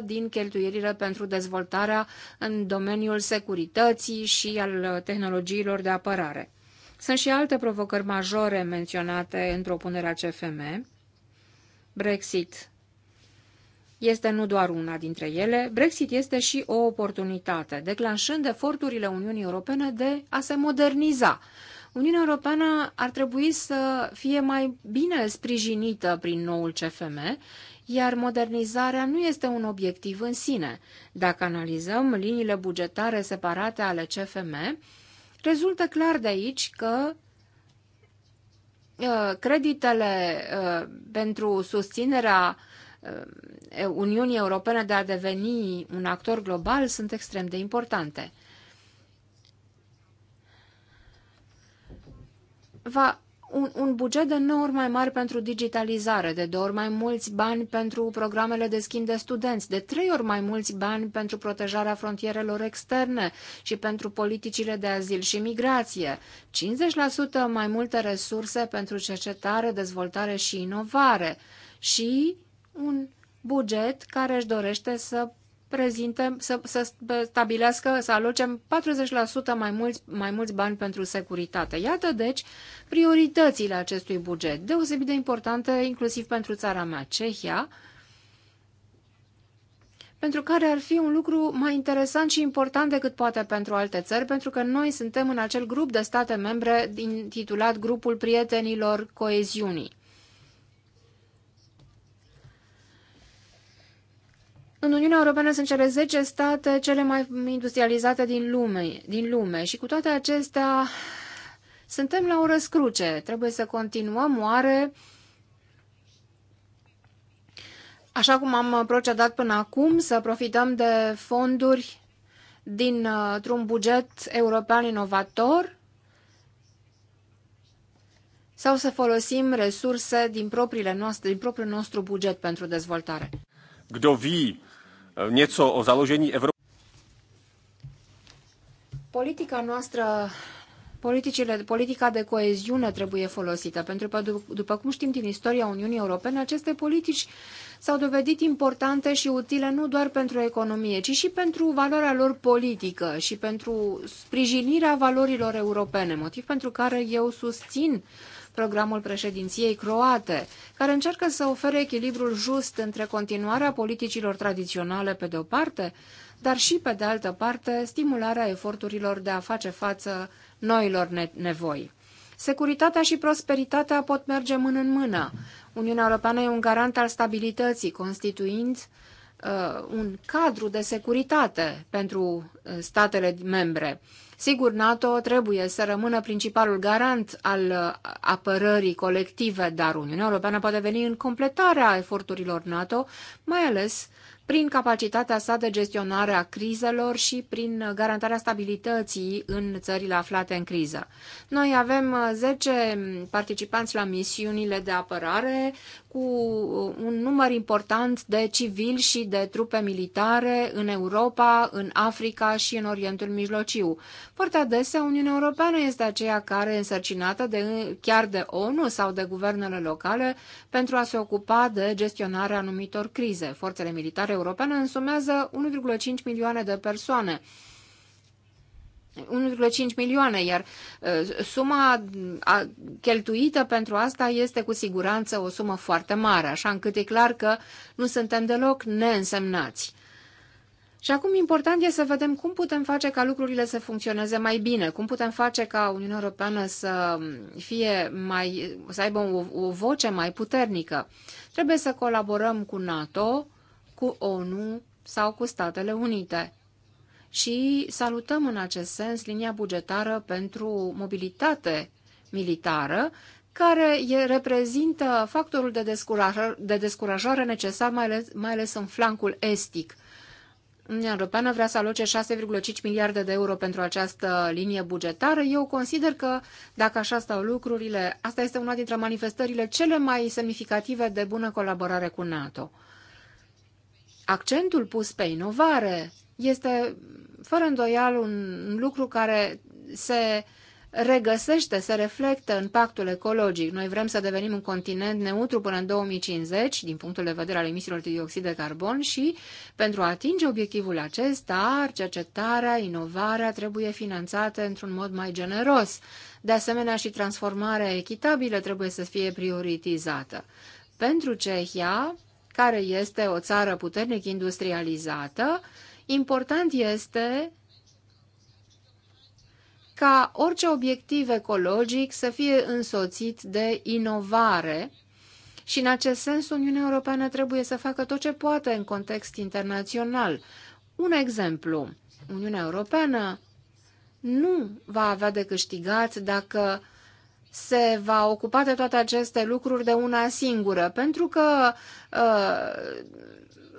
40% din cheltuielile pentru dezvoltarea în domeniul securității și al tehnologiilor de apărare. Sunt și alte provocări majore menționate în propunerea CFM Brexit este nu doar una dintre ele, Brexit este și o oportunitate, declanșând eforturile Uniunii Europene de a se moderniza. Uniunea Europeană ar trebui să fie mai bine sprijinită prin noul CFM, iar modernizarea nu este un obiectiv în sine. Dacă analizăm liniile bugetare separate ale CFM, rezultă clar de aici că Uh, creditele uh, pentru susținerea uh, Uniunii Europene de a deveni un actor global sunt extrem de importante. Va un, un buget de 9 ori mai mare pentru digitalizare, de două ori mai mulți bani pentru programele de schimb de studenți, de trei ori mai mulți bani pentru protejarea frontierelor externe și pentru politicile de azil și migrație, 50% mai multe resurse pentru cercetare, dezvoltare și inovare și un buget care își dorește să prezinte, să, să stabilească, să alocem 40% mai mulți, mai mulți bani pentru securitate. Iată, deci, prioritățile acestui buget, deosebit de importante, inclusiv pentru țara mea, Cehia, pentru care ar fi un lucru mai interesant și important decât poate pentru alte țări, pentru că noi suntem în acel grup de state membre intitulat Grupul Prietenilor Coeziunii. În Uniunea Europeană sunt cele 10 state cele mai industrializate din lume, din lume și cu toate acestea suntem la o răscruce. Trebuie să continuăm oare așa cum am procedat până acum, să profităm de fonduri dintr-un buget european inovator sau să folosim resurse din, propriile noastre, din propriul nostru buget pentru dezvoltare. Kdo ví, Eh, něco o založení Evropy. Politica noastră Politicile, politica de coeziune trebuie folosită, pentru că, după cum știm din istoria Uniunii Europene, aceste politici s-au dovedit importante și utile nu doar pentru economie, ci și pentru valoarea lor politică și pentru sprijinirea valorilor europene, motiv pentru care eu susțin uh, programul președinției croate, care încearcă să ofere echilibrul just între continuarea politicilor tradiționale pe de o parte, dar și pe de altă parte stimularea eforturilor de a face față noilor ne nevoi. Securitatea și prosperitatea pot merge mână în mână. Uniunea Europeană e un garant al stabilității, constituind uh, un cadru de securitate pentru uh, statele membre. Sigur, NATO trebuie să rămână principalul garant al uh, apărării colective, dar Uniunea Europeană poate veni în completarea eforturilor NATO, mai ales prin capacitatea sa de gestionare a crizelor și prin garantarea stabilității în țările aflate în criză. Noi avem 10 uh, participanți la misiunile de apărare cu uh, un număr important de civili și de trupe militare în Europa, în Africa și în Orientul Mijlociu. Foarte adesea, Uniunea Europeană este aceea care, însărcinată de, chiar de ONU sau de guvernele locale, pentru a se ocupa de gestionarea anumitor crize. Forțele militare europeană însumează 1,5 milioane de persoane. 1,5 milioane, iar suma cheltuită pentru asta este cu siguranță o sumă foarte mare, așa încât e clar că nu suntem deloc neînsemnați. Și acum important e să vedem cum putem face ca lucrurile să funcționeze mai bine, cum putem face ca Uniunea Europeană să fie mai, să aibă o, o voce mai puternică. Trebuie să colaborăm cu NATO, cu ONU sau cu Statele Unite. Și salutăm în acest sens linia bugetară pentru mobilitate militară, care reprezintă factorul de descurajare, de descurajare necesar, mai ales, mai ales în flancul estic. Uniunea Europeană vrea să aloce 6,5 miliarde de euro pentru această linie bugetară. Eu consider că, dacă așa stau lucrurile, asta este una dintre manifestările cele mai semnificative de bună colaborare cu NATO accentul pus pe inovare este fără îndoială un lucru care se regăsește, se reflectă în pactul ecologic. Noi vrem să devenim un continent neutru până în 2050 din punctul de vedere al emisiilor de dioxid de carbon și pentru a atinge obiectivul acesta, cercetarea, inovarea trebuie finanțată într-un mod mai generos. De asemenea și transformarea echitabilă trebuie să fie prioritizată. Pentru Cehia, care este o țară puternic industrializată, important este ca orice obiectiv ecologic să fie însoțit de inovare și în acest sens Uniunea Europeană trebuie să facă tot ce poate în context internațional. Un exemplu, Uniunea Europeană nu va avea de câștigat dacă se va ocupa de toate aceste lucruri de una singură, pentru că uh,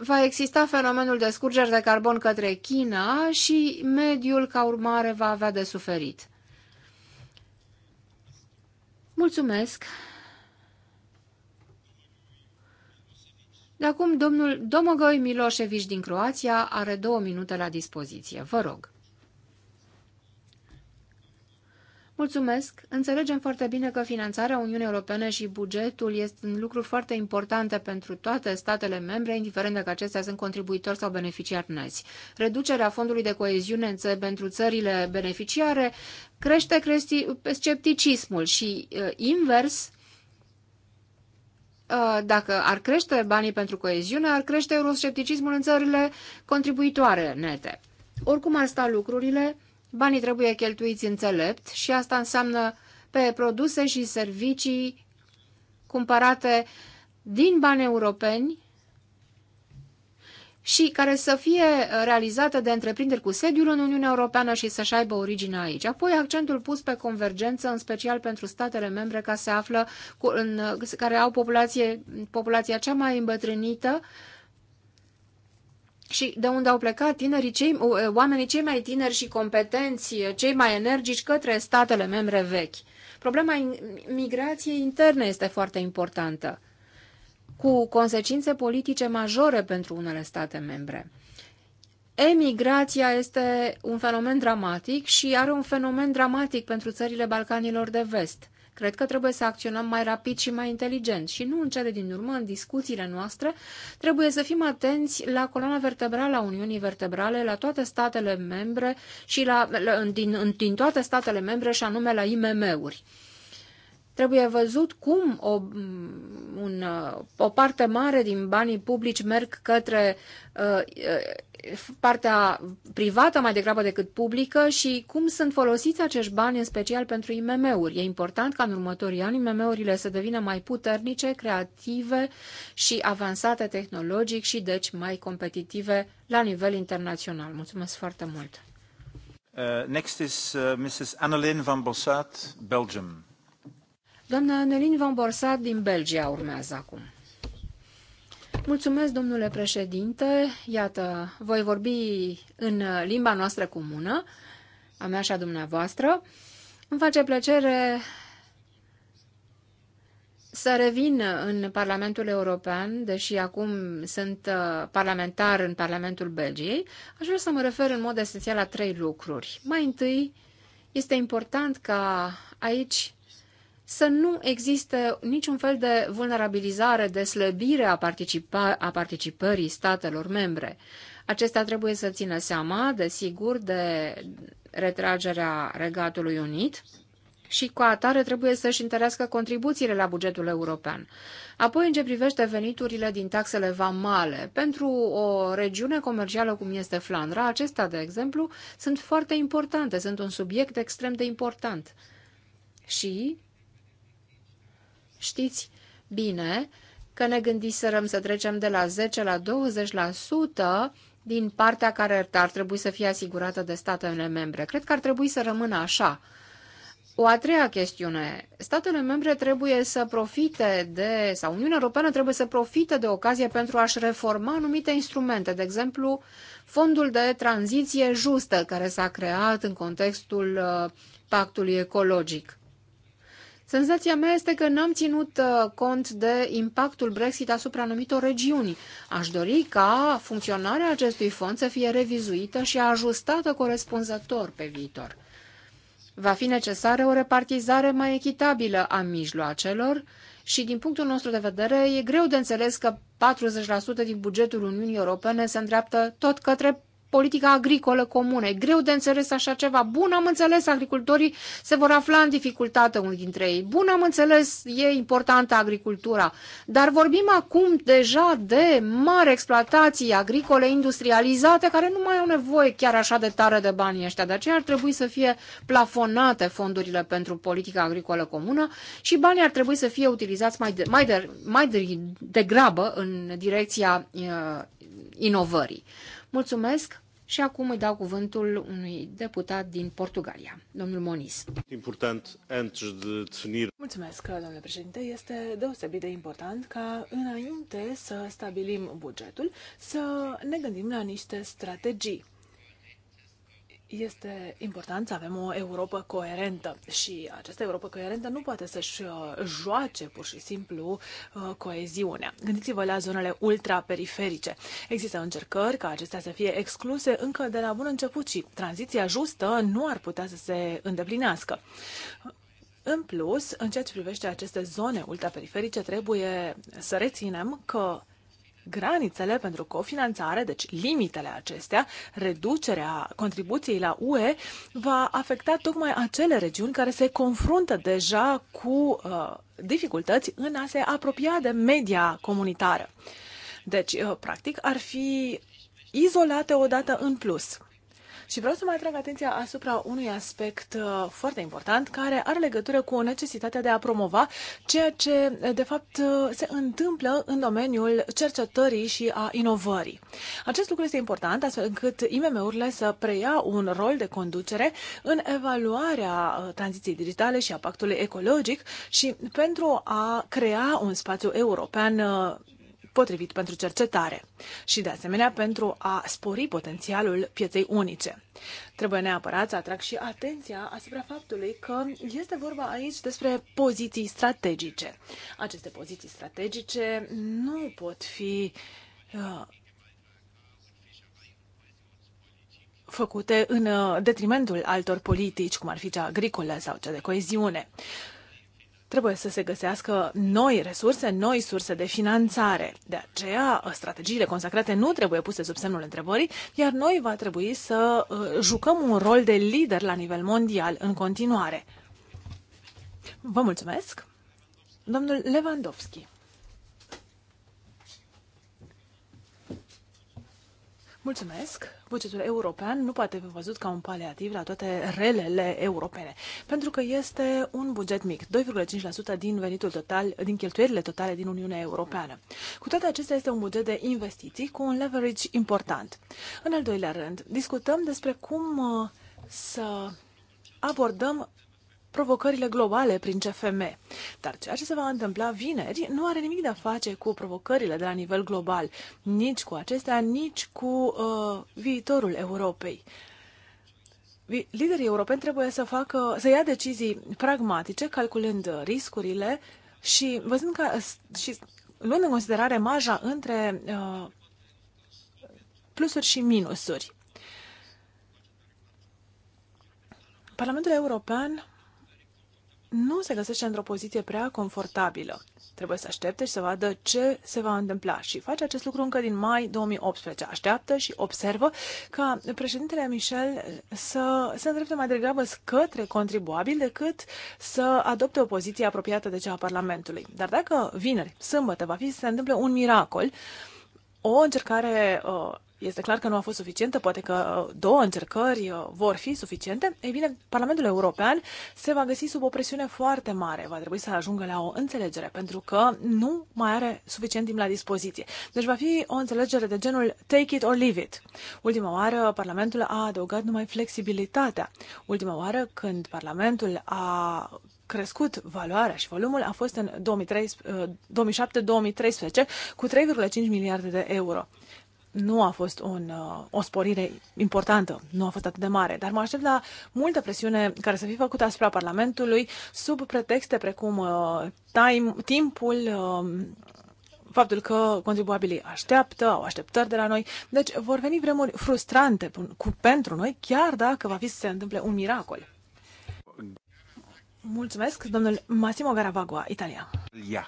va exista fenomenul de scurgeri de carbon către China și mediul ca urmare va avea de suferit. Mulțumesc! De acum, domnul Domogoi Milošević din Croația are două minute la dispoziție. Vă rog! Mulțumesc! Înțelegem foarte bine că finanțarea Uniunii Europene și bugetul este un lucru foarte important pentru toate statele membre, indiferent dacă acestea sunt contribuitori sau beneficiari nați. Reducerea fondului de coeziune pentru țările beneficiare crește scepticismul și uh, invers, uh, dacă ar crește banii pentru coeziune, ar crește euroscepticismul în țările contribuitoare nete. Oricum ar sta lucrurile, Banii trebuie cheltuiți înțelept și asta înseamnă pe produse și servicii cumpărate din bani europeni și care să fie realizate de întreprinderi cu sediul în Uniunea Europeană și să-și aibă origine aici. Apoi accentul pus pe convergență, în special pentru statele membre care se află cu, în, care au populație, populația cea mai îmbătrânită, uh, și de unde au plecat tinerii, cei, uh, oamenii cei mai tineri și competenți, uh, cei mai energici către statele membre vechi. Problema migrației interne este foarte importantă, cu consecințe politice majore pentru unele state membre. Emigrația este un fenomen dramatic și are un fenomen dramatic pentru țările Balcanilor de vest. Cred că trebuie să acționăm mai rapid și mai inteligent și nu în cele din urmă, în discuțiile noastre, trebuie să fim atenți la coloana vertebrală a Uniunii Vertebrale, la toate statele membre și la, la, din, din toate statele membre și anume la IMM-uri. Trebuie văzut cum o, un, o parte mare din banii publici merg către uh, uh, partea privată mai degrabă decât publică și cum sunt folosiți acești bani în special pentru IMM-uri. E important ca în următorii ani IMM-urile să devină mai puternice, creative și avansate tehnologic și deci mai competitive la nivel internațional. Mulțumesc foarte mult! Uh, next is uh, Mrs. Annelien van Bossat, Belgium. Doamna Nelin Van Borsat din Belgia urmează acum. Mulțumesc, domnule președinte. Iată, voi vorbi în limba noastră comună, a mea și a dumneavoastră. Îmi face plăcere să revin în Parlamentul European, deși acum sunt uh, parlamentar în Parlamentul Belgiei, aș vrea să mă refer în mod esențial la trei lucruri. Mai întâi, este important ca aici să nu existe niciun fel de vulnerabilizare, de slăbire a, participa- a participării statelor membre. Acestea trebuie să țină seama, desigur, de retragerea Regatului Unit și cu atare trebuie să-și întărească contribuțiile la bugetul european. Apoi, în ce privește veniturile din taxele vamale, pentru o regiune comercială cum este Flandra, acestea, de exemplu, sunt foarte importante, sunt un subiect extrem de important. Și Știți bine că ne gândiserăm să trecem de la 10 la 20% din partea care ar trebui să fie asigurată de statele membre. Cred că ar trebui să rămână așa. O a treia chestiune. Statele membre trebuie să profite de, sau Uniunea Europeană trebuie să profite de ocazie pentru a-și reforma anumite instrumente, de exemplu, fondul de tranziție justă care s-a creat în contextul uh, pactului ecologic. Senzația mea este că n-am ținut uh, cont de impactul Brexit asupra anumitor regiuni. Aș dori ca funcționarea acestui fond să fie revizuită și ajustată corespunzător pe viitor. Va fi necesară o repartizare mai echitabilă a mijloacelor și, din punctul nostru de vedere, e greu de înțeles că 40% din bugetul Uniunii Europene se îndreaptă tot către politica agricolă comună. E greu de înțeles așa ceva. Bun, am înțeles, agricultorii se vor afla în dificultate unul dintre ei. Bun, am înțeles, e importantă agricultura. Dar vorbim acum deja de mari exploatații agricole industrializate care nu mai au nevoie chiar așa de tare de bani ăștia. De aceea ar trebui să fie plafonate fondurile pentru politica agricolă comună și banii ar trebui să fie utilizați mai, de, mai, de, mai de, degrabă în direcția uh, inovării. Mulțumesc și acum îi dau cuvântul unui deputat din Portugalia, domnul Moniz. Important, antes de definir... Mulțumesc, domnule președinte. Este deosebit de important ca înainte să stabilim bugetul să ne gândim la niște strategii este important să avem o Europa coerentă și această Europa coerentă nu poate să-și uh, joace pur și simplu uh, coeziunea. Gândiți-vă la zonele ultraperiferice. Există încercări ca acestea să fie excluse încă de la bun început și tranziția justă nu ar putea să se îndeplinească. În plus, în ceea ce privește aceste zone ultraperiferice, trebuie să reținem că granițele pentru cofinanțare, deci limitele acestea, reducerea contribuției la UE, va afecta tocmai acele regiuni care se confruntă deja cu uh, dificultăți în a se apropia de media comunitară. Deci, uh, practic, ar fi izolate odată în plus. Și vreau să mai atrag atenția asupra unui aspect uh, foarte important care are legătură cu necesitatea de a promova ceea ce, de fapt, uh, se întâmplă în domeniul cercetării și a inovării. Acest lucru este important astfel încât IMM-urile să preia un rol de conducere în evaluarea uh, tranziției digitale și a pactului ecologic și pentru a crea un spațiu european potrivit pentru cercetare și, de asemenea, pentru a spori potențialul pieței unice. Trebuie neapărat să atrag și atenția asupra faptului că este vorba aici despre poziții strategice. Aceste poziții strategice nu pot fi uh, făcute în uh, detrimentul altor politici, cum ar fi cea agricolă sau cea de coeziune. Trebuie să se găsească noi resurse, noi surse de finanțare. De aceea, ă, strategiile consacrate nu trebuie puse sub semnul întrebării, iar noi va trebui să ă, jucăm un rol de lider la nivel mondial în continuare. Vă mulțumesc! Domnul Lewandowski. Mulțumesc! Bugetul european nu poate fi văzut ca un paliativ la toate relele europene, pentru că este un buget mic, 2,5% din venitul total, din cheltuielile totale din Uniunea Europeană. Cu toate acestea, este un buget de investiții cu un leverage important. În al doilea rând, discutăm despre cum uh, să abordăm provocările globale prin CFM. Dar ceea ce se va întâmpla vineri nu are nimic de a face cu provocările de la nivel global, nici cu acestea, nici cu uh, viitorul Europei. Liderii europeni trebuie să facă, să ia decizii pragmatice, calculând riscurile și văzând că și luând în considerare marja între uh, plusuri și minusuri. Parlamentul European nu se găsește într-o poziție prea confortabilă. Trebuie să aștepte și să vadă ce se va întâmpla și face acest lucru încă din mai 2018. Așteaptă și observă ca președintele Michel să se îndrepte mai degrabă către contribuabil decât să adopte o poziție apropiată de cea a Parlamentului. Dar dacă vineri, sâmbătă, va fi să se întâmple un miracol, o încercare uh, este clar că nu a fost suficientă, poate că uh, două încercări uh, vor fi suficiente, ei bine, Parlamentul European se va găsi sub o presiune foarte mare. Va trebui să ajungă la o înțelegere, pentru că nu mai are suficient timp la dispoziție. Deci va fi o înțelegere de genul take it or leave it. Ultima oară, Parlamentul a adăugat numai flexibilitatea. Ultima oară, când Parlamentul a crescut valoarea și volumul a fost în 2007-2013 uh, cu 3,5 miliarde de euro nu a fost un, uh, o sporire importantă, nu a fost atât de mare, dar mă aștept la multă presiune care să fie făcută asupra Parlamentului sub pretexte precum uh, time, timpul, um, faptul că contribuabilii așteaptă, au așteptări de la noi. Deci vor veni vremuri frustrante cu, pentru noi, chiar dacă va fi să se întâmple un miracol. Mulțumesc, domnul Massimo Garavagua, Italia. Yeah.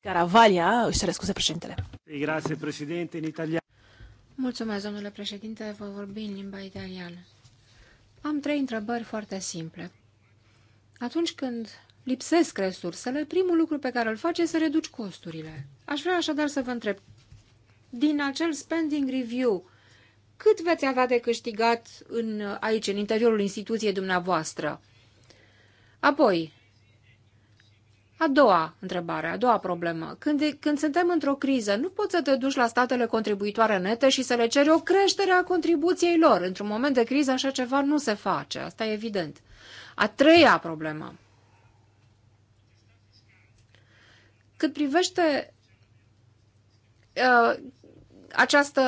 Caravaglia își cere scuze președintele. Grazie președinte, în Italia. Mulțumesc, domnule președinte, vă vorbi în limba italiană. Am trei întrebări foarte simple. Atunci când lipsesc resursele, primul lucru pe care îl face este să reduci costurile. Aș vrea așadar să vă întreb, din acel spending review, cât veți avea de câștigat în, aici, în interiorul instituției dumneavoastră? Apoi, a doua întrebare, a doua problemă. Când, când suntem într-o criză, nu poți să te duci la statele contribuitoare nete și să le ceri o creștere a contribuției lor. Într-un moment de criză așa ceva nu se face, asta e evident. A treia problemă. Cât privește uh, această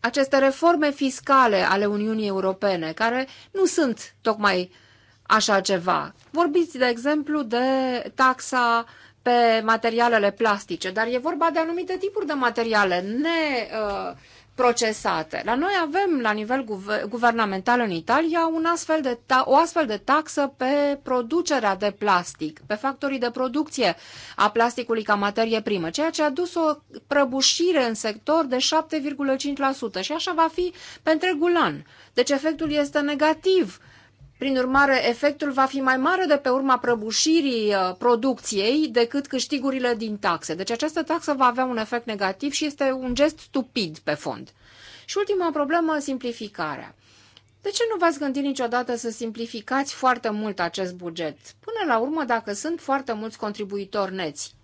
aceste reforme fiscale ale Uniunii Europene, care nu sunt tocmai uh, așa ceva. Vorbiți, de exemplu, de taxa pe materialele plastice, dar e vorba de anumite tipuri de materiale neprocesate. La noi avem, la nivel guver guvernamental în Italia, un astfel de o astfel de taxă pe producerea de plastic, pe factorii de producție a plasticului ca materie primă, ceea ce a dus o prăbușire în sector de 7,5% și așa va fi pe întregul an. Deci efectul este negativ prin urmare, efectul va fi mai mare de pe urma prăbușirii uh, producției decât câștigurile din taxe. Deci această taxă va avea un efect negativ și este un gest stupid pe fond. Și ultima problemă, simplificarea. De ce nu v-ați gândit niciodată să simplificați foarte mult acest buget? Până la urmă, dacă sunt foarte mulți contribuitori neți,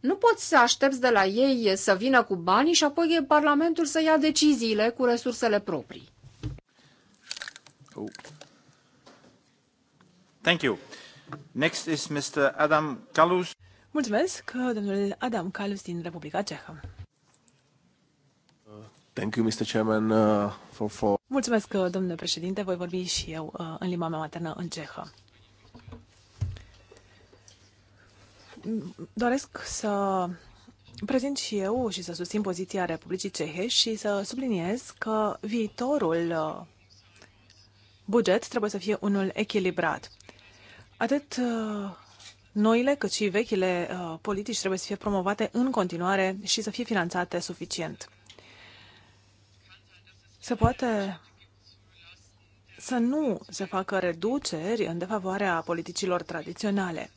Nu poți să aștepți de la ei să vină cu banii și apoi Parlamentul să ia deciziile cu resursele proprii. Oh. Thank you. Next is Mr. Adam Kalus. Mulțumesc, domnul Adam Kalus din Republica Cehă. Uh, thank you, Mr. Chairman, uh, for, for... Mulțumesc, domnule președinte. Voi vorbi și eu uh, în limba mea maternă, în cehă. Doresc să prezint și eu și să susțin poziția Republicii Cehe și să subliniez că viitorul uh, buget trebuie să fie unul echilibrat. Atât uh, noile cât și vechile uh, politici trebuie să fie promovate în continuare și să fie finanțate suficient. Se poate să nu se facă reduceri în defavoarea politicilor tradiționale.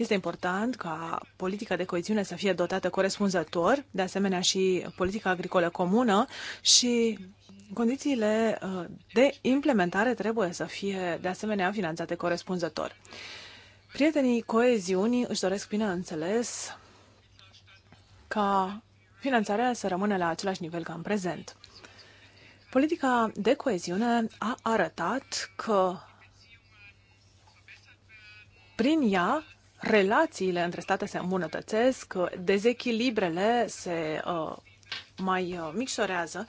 Este important ca politica de coeziune să fie dotată corespunzător, de asemenea și politica agricolă comună și condițiile uh, de implementare trebuie să fie de asemenea finanțate corespunzător. Prietenii coeziunii își doresc, bineînțeles, ca finanțarea să rămână la același nivel ca în prezent. Politica de coeziune a arătat că prin ea relațiile între state se îmbunătățesc, dezechilibrele se uh, mai uh, micșorează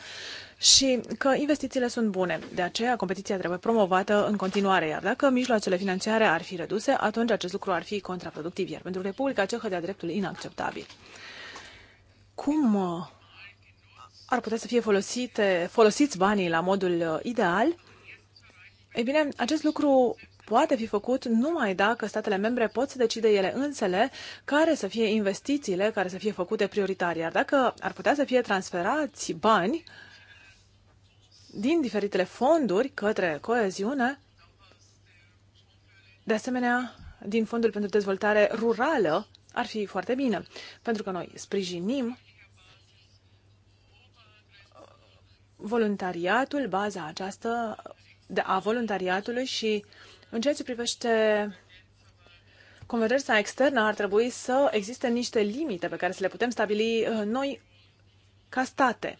și că investițiile sunt bune. De aceea, competiția trebuie promovată în continuare, iar dacă mijloacele financiare ar fi reduse, atunci acest lucru ar fi contraproductiv, iar pentru Republica Cehă de-a dreptul inacceptabil. Cum uh, ar putea să fie folosite, folosiți banii la modul ideal? Ei bine, acest lucru poate fi făcut numai dacă statele membre pot să decide ele însele care să fie investițiile care să fie făcute prioritar. Iar dacă ar putea să fie transferați bani din diferitele fonduri către coeziune, de asemenea, din Fondul pentru Dezvoltare Rurală, ar fi foarte bine, pentru că noi sprijinim voluntariatul, baza această de a voluntariatului și în ceea ce privește convergența externă ar trebui să existe niște limite pe care să le putem stabili uh, noi ca state.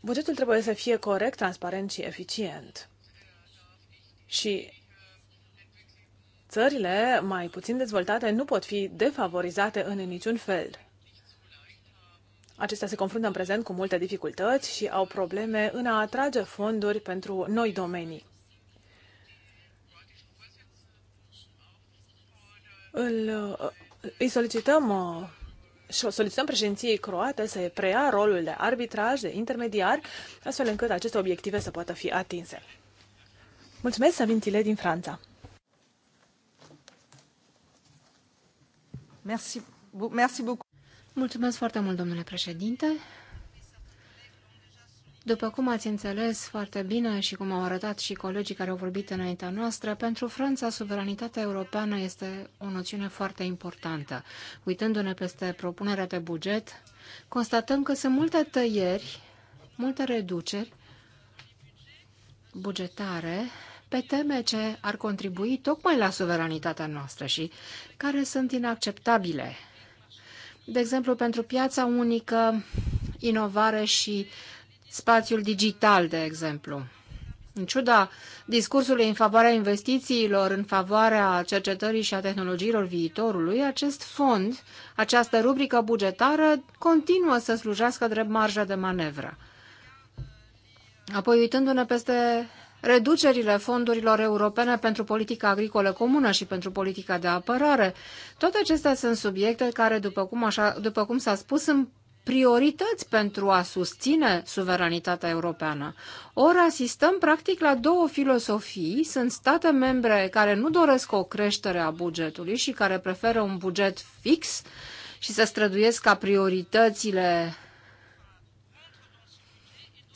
Bugetul trebuie să fie corect, transparent și eficient. Și țările mai puțin dezvoltate nu pot fi defavorizate în niciun fel. Acestea se confruntă în prezent cu multe dificultăți și au probleme în a atrage fonduri pentru noi domenii. Îl, îi solicităm și solicităm președinției croate să preia rolul de arbitraj, de intermediar, astfel încât aceste obiective să poată fi atinse. Mulțumesc, Sabin Tile din Franța. Merci, merci beaucoup. Mulțumesc foarte mult, domnule președinte. După cum ați înțeles foarte bine și cum au arătat și colegii care au vorbit înaintea noastră, pentru Franța suveranitatea europeană este o noțiune foarte importantă. Uitându-ne peste propunerea de buget, constatăm că sunt multe tăieri, multe reduceri bugetare pe teme ce ar contribui tocmai la suveranitatea noastră și care sunt inacceptabile de exemplu, pentru piața unică, inovare și spațiul digital, de exemplu. În ciuda discursului în favoarea investițiilor, în favoarea cercetării și a tehnologiilor viitorului, acest fond, această rubrică bugetară, continuă să slujească drept marjă de manevră. Apoi, uitându-ne peste reducerile fondurilor europene pentru politica agricolă comună și pentru politica de apărare. Toate acestea sunt subiecte care, după cum, așa, după cum s-a spus, sunt priorități pentru a susține suveranitatea europeană. Ori asistăm practic la două filosofii. Sunt state membre care nu doresc o creștere a bugetului și care preferă un buget fix și se străduiesc ca prioritățile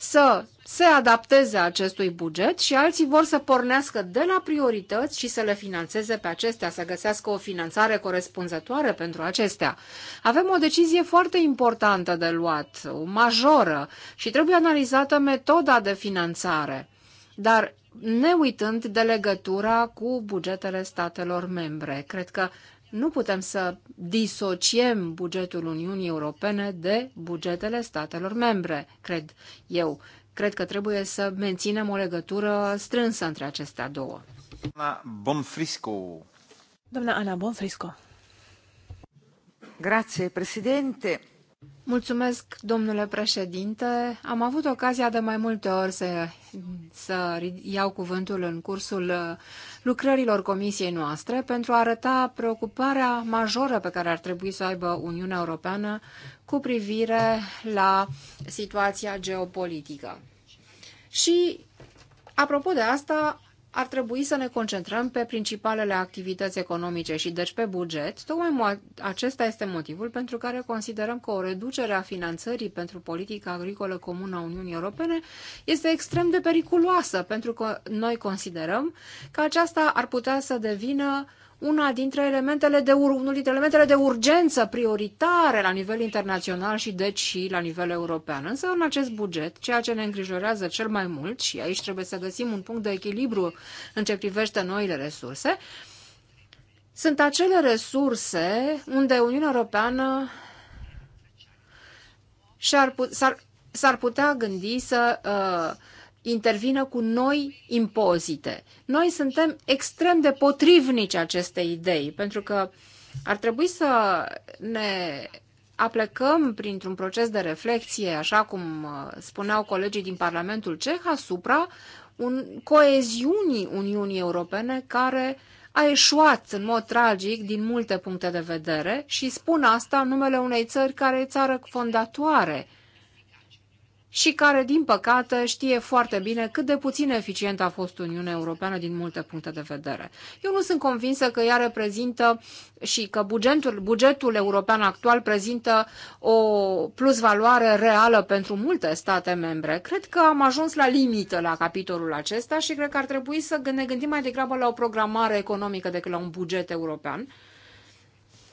să se adapteze acestui buget și alții vor să pornească de la priorități și să le finanțeze pe acestea, să găsească o finanțare corespunzătoare pentru acestea. Avem o decizie foarte importantă de luat, majoră, și trebuie analizată metoda de finanțare, dar ne uitând de legătura cu bugetele statelor membre. Cred că nu putem să disociem bugetul Uniunii Europene de bugetele statelor membre, cred eu. Cred că trebuie să menținem o legătură strânsă între acestea două. Doamna Bonfrisco. Doamna Ana Bonfrisco. Grazie, președinte. Mulțumesc, domnule președinte. Am avut ocazia de mai multe ori să să iau cuvântul în cursul uh, lucrărilor comisiei noastre pentru a arăta preocuparea majoră pe care ar trebui să o aibă Uniunea Europeană cu privire la situația geopolitică. Și, apropo de asta, ar trebui să ne concentrăm pe principalele activități economice și deci pe buget. Tocmai acesta este motivul pentru care considerăm că o reducere a finanțării pentru politica agricolă comună a Uniunii Europene este extrem de periculoasă, pentru că noi considerăm că aceasta ar putea să devină uh, una dintre elementele de, unul dintre elementele de urgență prioritare la nivel internațional și deci și la nivel european. Însă în acest buget, ceea ce ne îngrijorează cel mai mult, și aici trebuie să găsim un punct de echilibru în ce privește noile resurse, sunt acele resurse unde Uniunea Europeană și-ar, s-ar, putea gândi să uh, intervină cu noi impozite. Noi suntem extrem de potrivnici acestei idei, pentru că ar trebui să ne aplecăm printr-un proces de reflexie, așa cum uh, spuneau colegii din Parlamentul Ceh, asupra un, coeziunii Uniunii Europene care a eșuat în mod tragic din multe puncte de vedere și spun asta în numele unei țări care e țară fondatoare și care, din păcate, știe foarte bine cât de puțin eficient a fost Uniunea Europeană din multe puncte de vedere. Eu nu sunt convinsă că ea reprezintă și că bugetul, bugetul european actual prezintă o plusvaloare reală pentru multe state membre. Cred că am ajuns la limită la capitolul acesta și cred că ar trebui să ne gândim mai degrabă la o programare economică decât la un buget european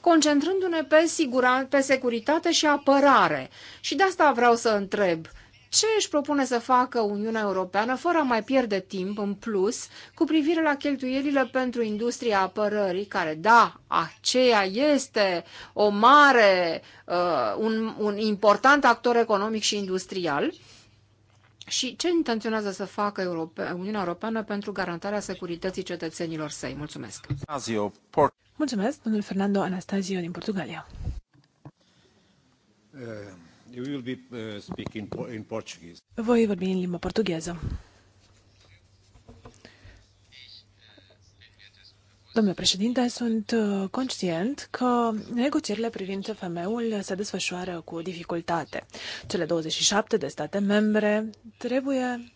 concentrându-ne pe, sigura, pe securitate și apărare. Și de asta vreau să întreb – ce își propune să facă Uniunea Europeană fără a mai pierde timp în plus cu privire la cheltuielile pentru industria apărării, care, da, aceea este o mare, uh, un, un important actor economic și industrial, și ce intenționează să facă Europe- Uniunea Europeană pentru garantarea securității cetățenilor săi? Mulțumesc! Mulțumesc, domnul Fernando Anastasio din Portugalia. Eh, Uh, Voi vorbi în limba portugheză. Domnule președinte, sunt uh, conștient că negocierile privind CFM-ul se desfășoară cu dificultate. Cele 27 de state membre trebuie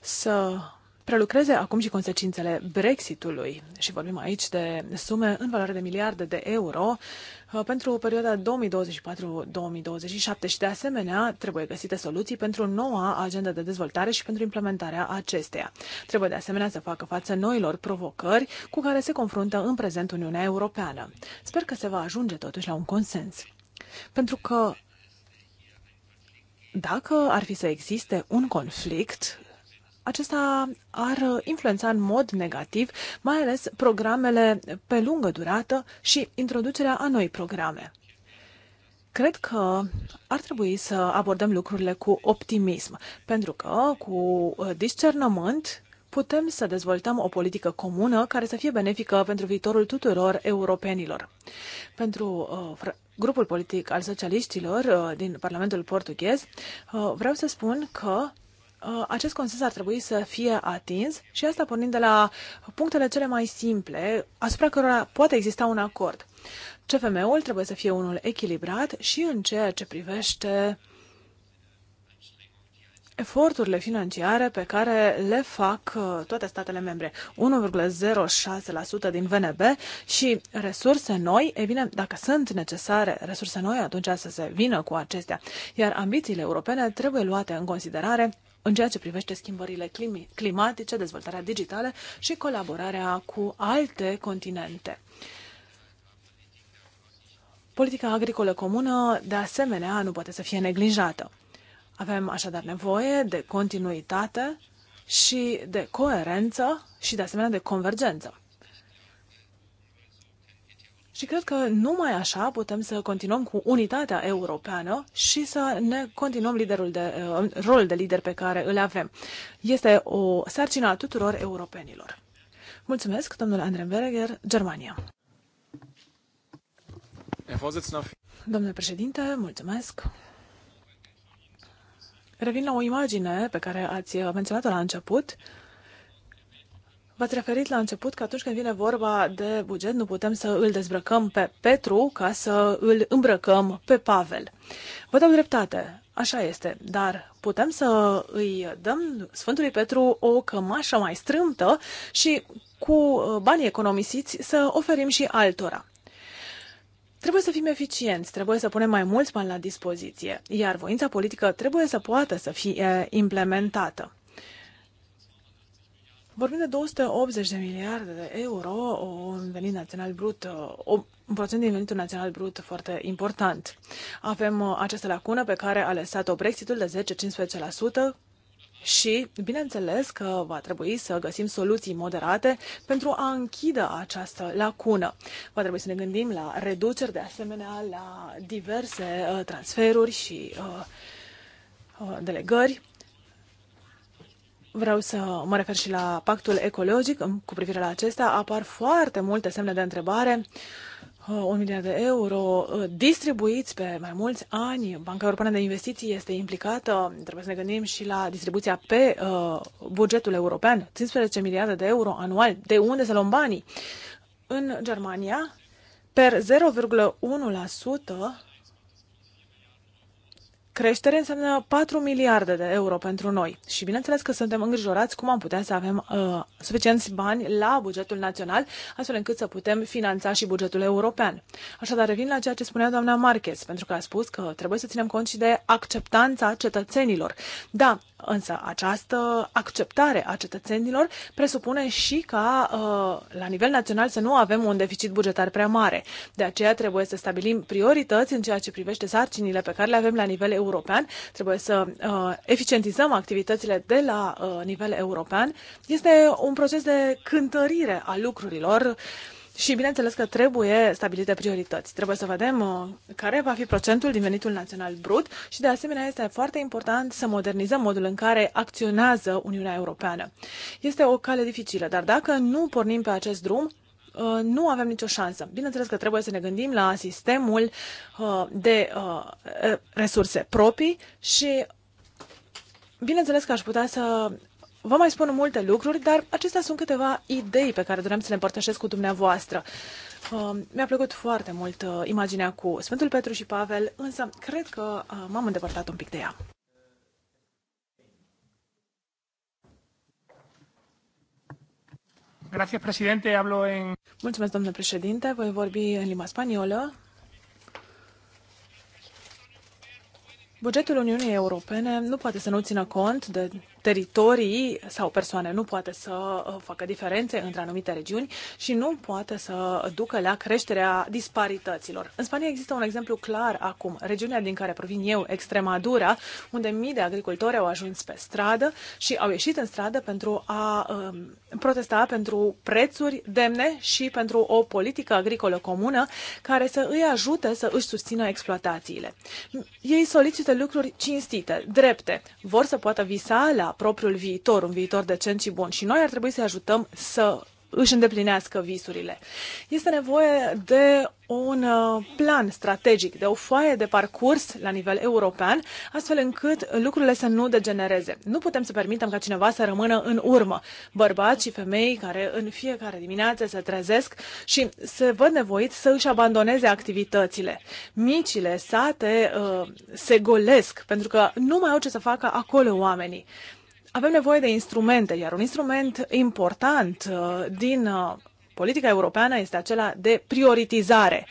să prelucreze acum și consecințele Brexitului. Și vorbim aici de sume în valoare de miliarde de euro uh, pentru perioada 2024-2027 și de asemenea trebuie găsite soluții pentru noua agenda de dezvoltare și pentru implementarea acesteia. Trebuie de asemenea să facă față noilor provocări cu care se confruntă în prezent Uniunea Europeană. Sper că se va ajunge totuși la un consens. Pentru că dacă ar fi să existe un conflict acesta ar influența în mod negativ, mai ales programele pe lungă durată și introducerea a noi programe. Cred că ar trebui să abordăm lucrurile cu optimism, pentru că cu discernământ putem să dezvoltăm o politică comună care să fie benefică pentru viitorul tuturor europenilor. Pentru uh, grupul politic al socialiștilor uh, din Parlamentul portughez, uh, vreau să spun că Uh, acest consens ar trebui să fie atins și asta pornind de la punctele cele mai simple asupra cărora poate exista un acord. CFM-ul trebuie să fie unul echilibrat și în ceea ce privește eforturile financiare pe care le fac uh, toate statele membre. 1,06% din VNB și resurse noi, e bine, dacă sunt necesare resurse noi, atunci să se vină cu acestea. Iar ambițiile europene trebuie luate în considerare în ceea ce privește schimbările climatice, dezvoltarea digitală și colaborarea cu alte continente. Politica agricolă comună, de asemenea, nu poate să fie neglijată. Avem așadar nevoie de continuitate și de coerență și, de asemenea, de convergență. Și cred că numai așa putem să continuăm cu unitatea europeană și să ne continuăm liderul de, uh, rol de lider pe care îl avem. Este o sarcină a tuturor europenilor. Mulțumesc, domnule Andrei Berger, Germania. Domnule președinte, mulțumesc. Revin la o imagine pe care ați menționat-o la început. V-ați referit la început că atunci când vine vorba de buget, nu putem să îl dezbrăcăm pe Petru ca să îl îmbrăcăm pe Pavel. Vă dau dreptate, așa este, dar putem să îi dăm Sfântului Petru o cămașă mai strâmtă și cu uh, banii economisiți să oferim și altora. Trebuie să fim eficienți, trebuie să punem mai mulți bani la dispoziție, iar voința politică trebuie să poată să fie implementată. Vorbim de 280 de miliarde de euro, un venit național brut, un procent din venitul național brut foarte important. Avem uh, această lacună pe care a lăsat-o Brexitul de 10-15%, și, bineînțeles, că va trebui să găsim soluții moderate pentru a închide această lacună. Va trebui să ne gândim la reduceri, de asemenea, la diverse uh, transferuri și uh, delegări. Vreau să mă refer și la pactul ecologic. Cu privire la acesta apar foarte multe semne de întrebare. Uh, un miliard de euro uh, distribuiți pe mai mulți ani. Banca Europeană de Investiții este implicată. Trebuie să ne gândim și la distribuția pe uh, bugetul european. 15 miliarde de euro anual. De unde să luăm banii? În Germania, per 0,1% creștere înseamnă 4 miliarde de euro pentru noi și bineînțeles că suntem îngrijorați cum am putea să avem uh, suficienți bani la bugetul național, astfel încât să putem finanța și bugetul european. Așadar, revin la ceea ce spunea doamna Marquez, pentru că a spus că trebuie să ținem cont și de acceptanța cetățenilor. Da, Însă această acceptare a cetățenilor presupune și ca uh, la nivel național să nu avem un deficit bugetar prea mare. De aceea trebuie să stabilim priorități în ceea ce privește sarcinile pe care le avem la nivel european. Trebuie să uh, eficientizăm activitățile de la uh, nivel european. Este un proces de cântărire a lucrurilor și bineînțeles că trebuie stabilite priorități. Trebuie să vedem uh, care va fi procentul din venitul național brut și de asemenea este foarte important să modernizăm modul în care acționează Uniunea Europeană. Este o cale dificilă, dar dacă nu pornim pe acest drum, uh, nu avem nicio șansă. Bineînțeles că trebuie să ne gândim la sistemul uh, de resurse proprii și Bineînțeles că aș putea să Vă mai spun multe lucruri, dar acestea sunt câteva idei pe care doream să le împărtășesc cu dumneavoastră. Um, mi-a plăcut foarte mult uh, imaginea cu Sfântul Petru și Pavel, însă cred că uh, m-am îndepărtat un pic de ea. Gracias, presidente. Hablo en... Mulțumesc, domnule președinte. Voi vorbi în limba spaniolă. Bugetul Uniunii Europene nu poate să nu țină cont de teritorii sau persoane nu poate să uh, facă diferențe între anumite regiuni și nu poate să ducă la creșterea disparităților. În Spania există un exemplu clar acum. Regiunea din care provin eu, Extremadura, unde mii de agricultori au ajuns pe stradă și au ieșit în stradă pentru a um, protesta pentru prețuri demne și pentru o politică agricolă comună care să îi ajute să își susțină exploatațiile. Ei solicită lucruri cinstite, drepte, vor să poată visa la propriul viitor, un viitor decent și bun. Și noi ar trebui să ajutăm să își îndeplinească visurile. Este nevoie de un uh, plan strategic, de o foaie de parcurs la nivel european, astfel încât lucrurile să nu degenereze. Nu putem să permitem ca cineva să rămână în urmă. Bărbați și femei care în fiecare dimineață se trezesc și se văd nevoit să își abandoneze activitățile. Micile sate uh, se golesc pentru că nu mai au ce să facă acolo oamenii avem nevoie de instrumente, iar un instrument important uh, din uh, politica europeană este acela de prioritizare.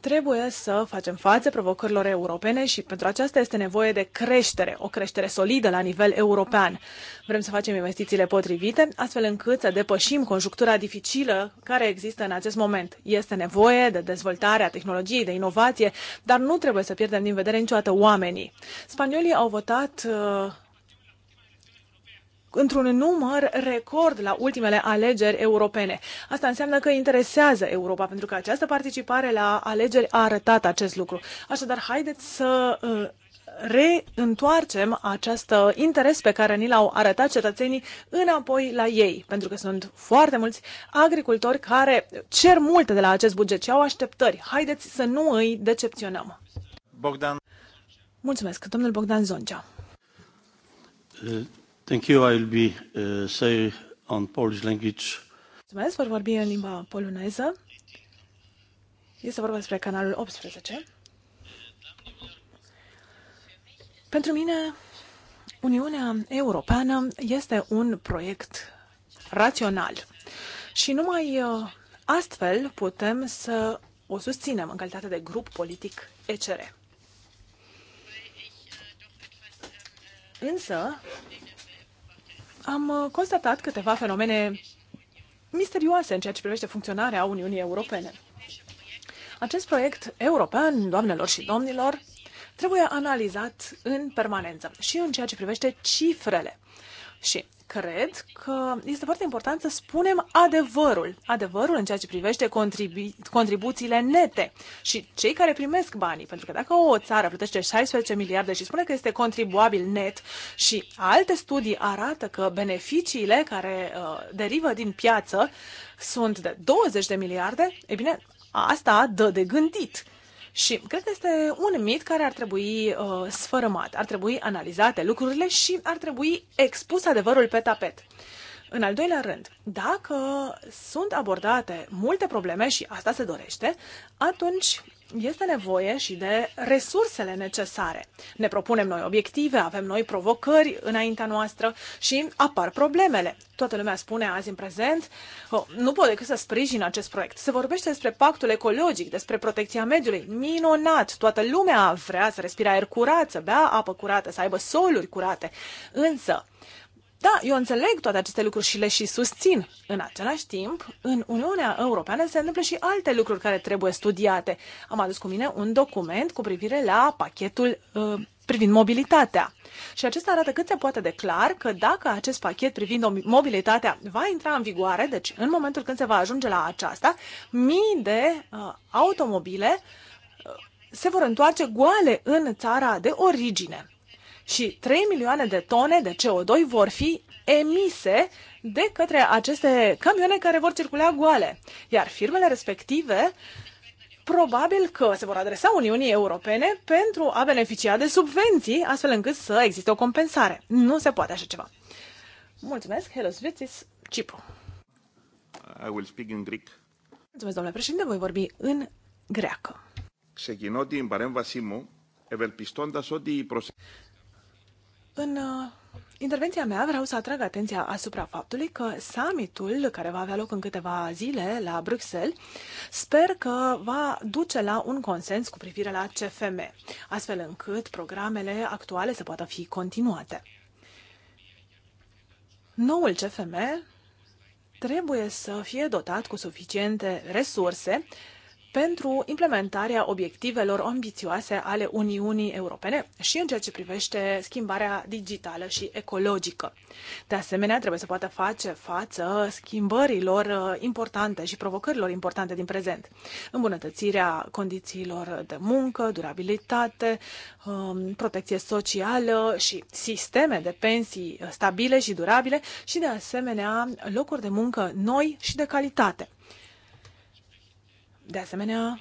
Trebuie să facem față provocărilor europene și pentru aceasta este nevoie de creștere, o creștere solidă la nivel european. Vrem să facem investițiile potrivite, astfel încât să depășim conjunctura dificilă care există în acest moment. Este nevoie de dezvoltarea tehnologiei, de inovație, dar nu trebuie să pierdem din vedere niciodată oamenii. Spaniolii au votat uh, într-un număr record la ultimele alegeri europene. Asta înseamnă că interesează Europa, pentru că această participare la alegeri a arătat acest lucru. Așadar, haideți să uh, reîntoarcem acest interes pe care ni l-au arătat cetățenii înapoi la ei, pentru că sunt foarte mulți agricultori care cer multe de la acest buget și au așteptări. Haideți să nu îi decepționăm. Bogdan. Mulțumesc, domnul Bogdan Zoncea. Uh, Thank you. I'll be uh, say on Polish language. Mulțumesc, vor vorbi în limba poloneză. Este vorba despre canalul 18. Pentru mine, Uniunea Europeană este un proiect rațional și numai uh, astfel putem să o susținem în calitate de grup politic ECR. Însă, am uh, constatat câteva fenomene misterioase în ceea ce privește funcționarea Uniunii Europene. Acest proiect european, doamnelor și domnilor, trebuie analizat în permanență și în ceea ce privește cifrele. Și cred că este foarte important să spunem adevărul. Adevărul în ceea ce privește contribu- contribuțiile nete și cei care primesc banii. Pentru că dacă o țară plătește 16 miliarde și spune că este contribuabil net și alte studii arată că beneficiile care uh, derivă din piață sunt de 20 de miliarde, e bine, asta dă de gândit. Și cred că este un mit care ar trebui uh, sfărâmat, ar trebui analizate lucrurile și ar trebui expus adevărul pe tapet. În al doilea rând, dacă sunt abordate multe probleme și asta se dorește, atunci este nevoie și de resursele necesare. Ne propunem noi obiective, avem noi provocări înaintea noastră și apar problemele. Toată lumea spune azi în prezent, oh, nu pot decât să sprijin acest proiect. Se vorbește despre pactul ecologic, despre protecția mediului. Minunat! Toată lumea vrea să respire aer curat, să bea apă curată, să aibă soluri curate. Însă, da, eu înțeleg toate aceste lucruri și le și susțin. În același timp, în Uniunea Europeană se întâmplă și alte lucruri care trebuie studiate. Am adus cu mine un document cu privire la pachetul uh, privind mobilitatea. Și acesta arată cât se poate de clar că dacă acest pachet privind mobilitatea va intra în vigoare, deci în momentul când se va ajunge la aceasta, mii de uh, automobile uh, se vor întoarce goale în țara de origine și 3 milioane de tone de CO2 vor fi emise de către aceste camioane care vor circula goale. Iar firmele respective probabil că se vor adresa Uniunii Europene pentru a beneficia de subvenții, astfel încât să existe o compensare. Nu se poate așa ceva. Mulțumesc, Helos Vitis, Cipru. I will speak in Greek. Mulțumesc, domnule președinte, voi vorbi în greacă. Ξεκινώ την παρέμβασή μου ευελπιστώντας ότι η προσέγγιση în uh, intervenția mea vreau să atrag atenția asupra faptului că summitul care va avea loc în câteva zile la Bruxelles sper că va duce la un consens cu privire la CFM, astfel încât programele actuale să poată fi continuate. Noul CFM trebuie să fie dotat cu suficiente resurse pentru implementarea obiectivelor ambițioase ale Uniunii Europene și în ceea ce privește schimbarea digitală și ecologică. De asemenea, trebuie să poată face față schimbărilor uh, importante și provocărilor importante din prezent. Îmbunătățirea condițiilor de muncă, durabilitate, um, protecție socială și sisteme de pensii uh, stabile și durabile și, de asemenea, locuri de muncă noi și de calitate de asemenea,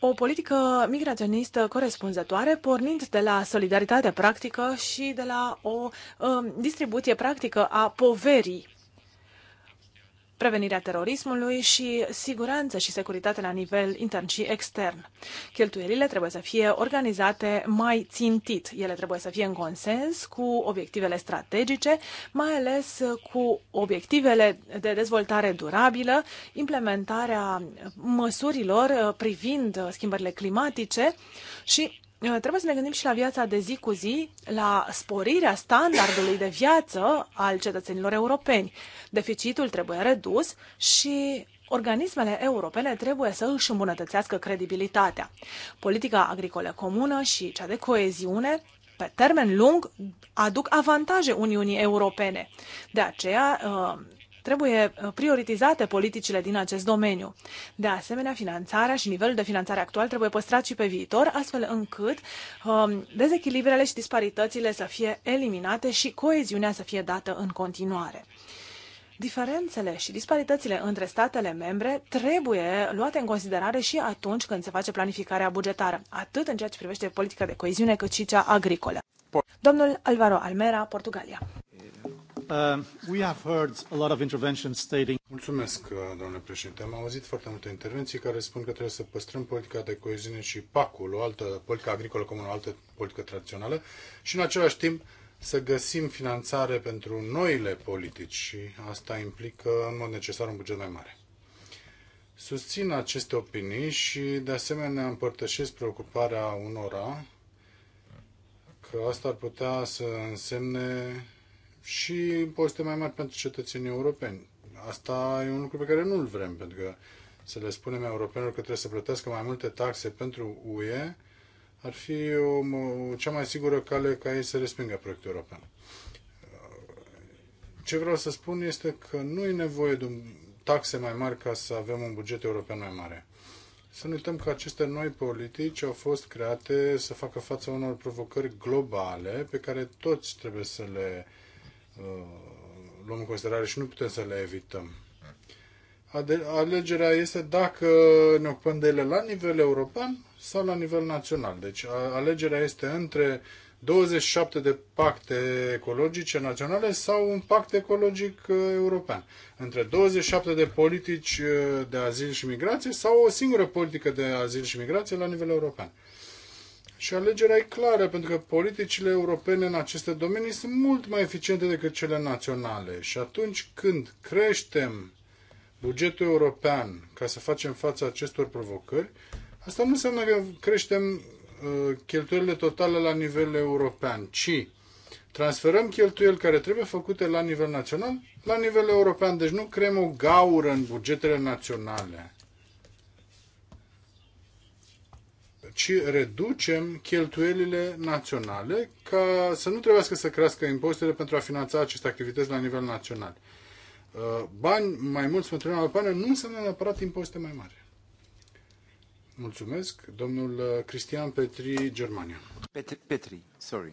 o politică migraționistă corespunzătoare, pornind de la solidaritate practică și de la o um, distribuție practică a poverii prevenirea terorismului și siguranță și securitate la nivel intern și extern. Cheltuielile trebuie să fie organizate mai țintit. Ele trebuie să fie în consens cu obiectivele strategice, mai ales cu obiectivele de dezvoltare durabilă, implementarea măsurilor uh, privind uh, schimbările climatice și Uh, trebuie să ne gândim și la viața de zi cu zi, la sporirea standardului de viață al cetățenilor europeni. Deficitul trebuie redus și organismele europene trebuie să își îmbunătățească credibilitatea. Politica agricolă comună și cea de coeziune pe termen lung aduc avantaje Uniunii Europene. De aceea, uh, Trebuie uh, prioritizate politicile din acest domeniu. De asemenea, finanțarea și nivelul de finanțare actual trebuie păstrat și pe viitor, astfel încât um, dezechilibrele și disparitățile să fie eliminate și coeziunea să fie dată în continuare. Diferențele și disparitățile între statele membre trebuie luate în considerare și atunci când se face planificarea bugetară, atât în ceea ce privește politica de coeziune, cât și cea agricolă. Domnul Alvaro Almera, Portugalia. Uh, we have heard a lot of interventions stating... Mulțumesc, uh, domnule președinte. Am auzit foarte multe intervenții care spun că trebuie să păstrăm politica de coeziune și PAC-ul, o altă politică agricolă comună, o altă politică tradițională și în același timp să găsim finanțare pentru noile politici și asta implică în mod necesar un buget mai mare. Susțin aceste opinii și de asemenea împărtășesc preocuparea unora că asta ar putea să însemne și impozite mai mari pentru cetățenii europeni. Asta e un lucru pe care nu-l vrem, pentru că să le spunem europenilor că trebuie să plătească mai multe taxe pentru UE ar fi o, cea mai sigură cale ca ei să respingă proiectul european. Ce vreau să spun este că nu e nevoie de taxe mai mari ca să avem un buget european mai mare. Să nu uităm că aceste noi politici au fost create să facă față unor provocări globale pe care toți trebuie să le uh, Uh, luăm în considerare și nu putem să le evităm. Alegerea este dacă ne ocupăm de ele la nivel european sau la nivel național. Deci alegerea este între 27 de pacte ecologice naționale sau un pact ecologic uh, european. Între 27 de politici uh, de azil și migrație sau o singură politică de azil și migrație la nivel european. Și alegerea e clară, pentru că politicile europene în aceste domenii sunt mult mai eficiente decât cele naționale. Și atunci când creștem bugetul european ca să facem față acestor provocări, asta nu înseamnă că creștem uh, cheltuielile totale la nivel european, ci transferăm cheltuieli care trebuie făcute la nivel național, la nivel european. Deci nu creăm o gaură în bugetele naționale. ci reducem cheltuielile naționale ca să nu trebuiască să crească impozitele pentru a finanța aceste activități la nivel național. Uh, bani mai mulți pentru Uniunea Europeană nu înseamnă neapărat impozite mai mari. Mulțumesc. Domnul uh, Cristian Petri, Germania. Petri, Petri sorry.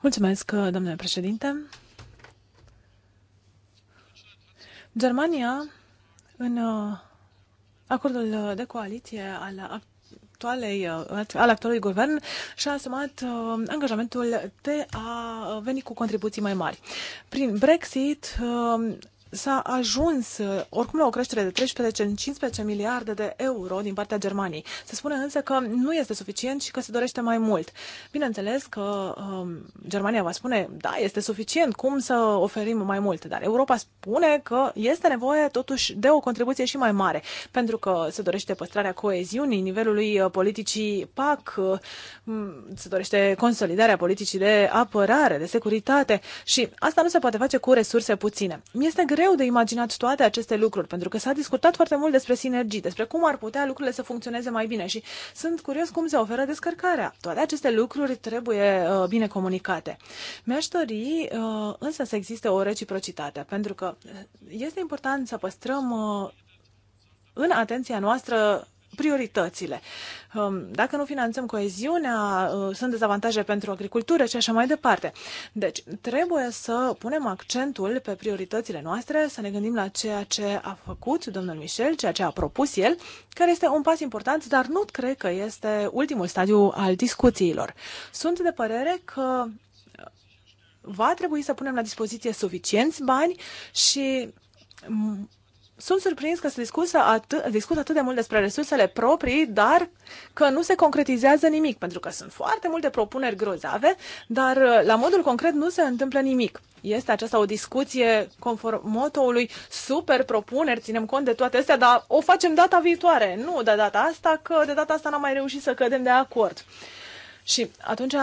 Mulțumesc, uh, domnule președinte. Germania, în uh, acordul uh, de coaliție al actualei, uh, al actualului guvern și-a asumat uh, angajamentul de a veni cu contribuții mai mari. Prin Brexit, uh, s-a ajuns uh, oricum la o creștere de 13 în 15 miliarde de euro din partea Germaniei. Se spune însă că nu este suficient și că se dorește mai mult. Bineînțeles că um, Germania va spune, da, este suficient, cum să oferim mai mult? Dar Europa spune că este nevoie totuși de o contribuție și mai mare, pentru că se dorește păstrarea coeziunii nivelului uh, politicii PAC, uh, se dorește consolidarea politicii de apărare, de securitate și asta nu se poate face cu resurse puține. mi Este greu greu de imaginat toate aceste lucruri, pentru că s-a discutat foarte mult despre sinergii, despre cum ar putea lucrurile să funcționeze mai bine și sunt curios cum se oferă descărcarea. Toate aceste lucruri trebuie uh, bine comunicate. Mi-aș dori uh, însă să existe o reciprocitate, pentru că este important să păstrăm uh, în atenția noastră prioritățile. Um, dacă nu finanțăm coeziunea, uh, sunt dezavantaje pentru agricultură și așa mai departe. Deci, trebuie să punem accentul pe prioritățile noastre, să ne gândim la ceea ce a făcut domnul Michel, ceea ce a propus el, care este un pas important, dar nu cred că este ultimul stadiu al discuțiilor. Sunt de părere că va trebui să punem la dispoziție suficienți bani și sunt surprins că se discută, atât, discut atât de mult despre resursele proprii, dar că nu se concretizează nimic, pentru că sunt foarte multe propuneri grozave, dar uh, la modul concret nu se întâmplă nimic. Este aceasta o discuție conform motoului super propuneri, ținem cont de toate astea, dar o facem data viitoare, nu de data asta, că de data asta n-am mai reușit să cădem de acord. Uh, și atunci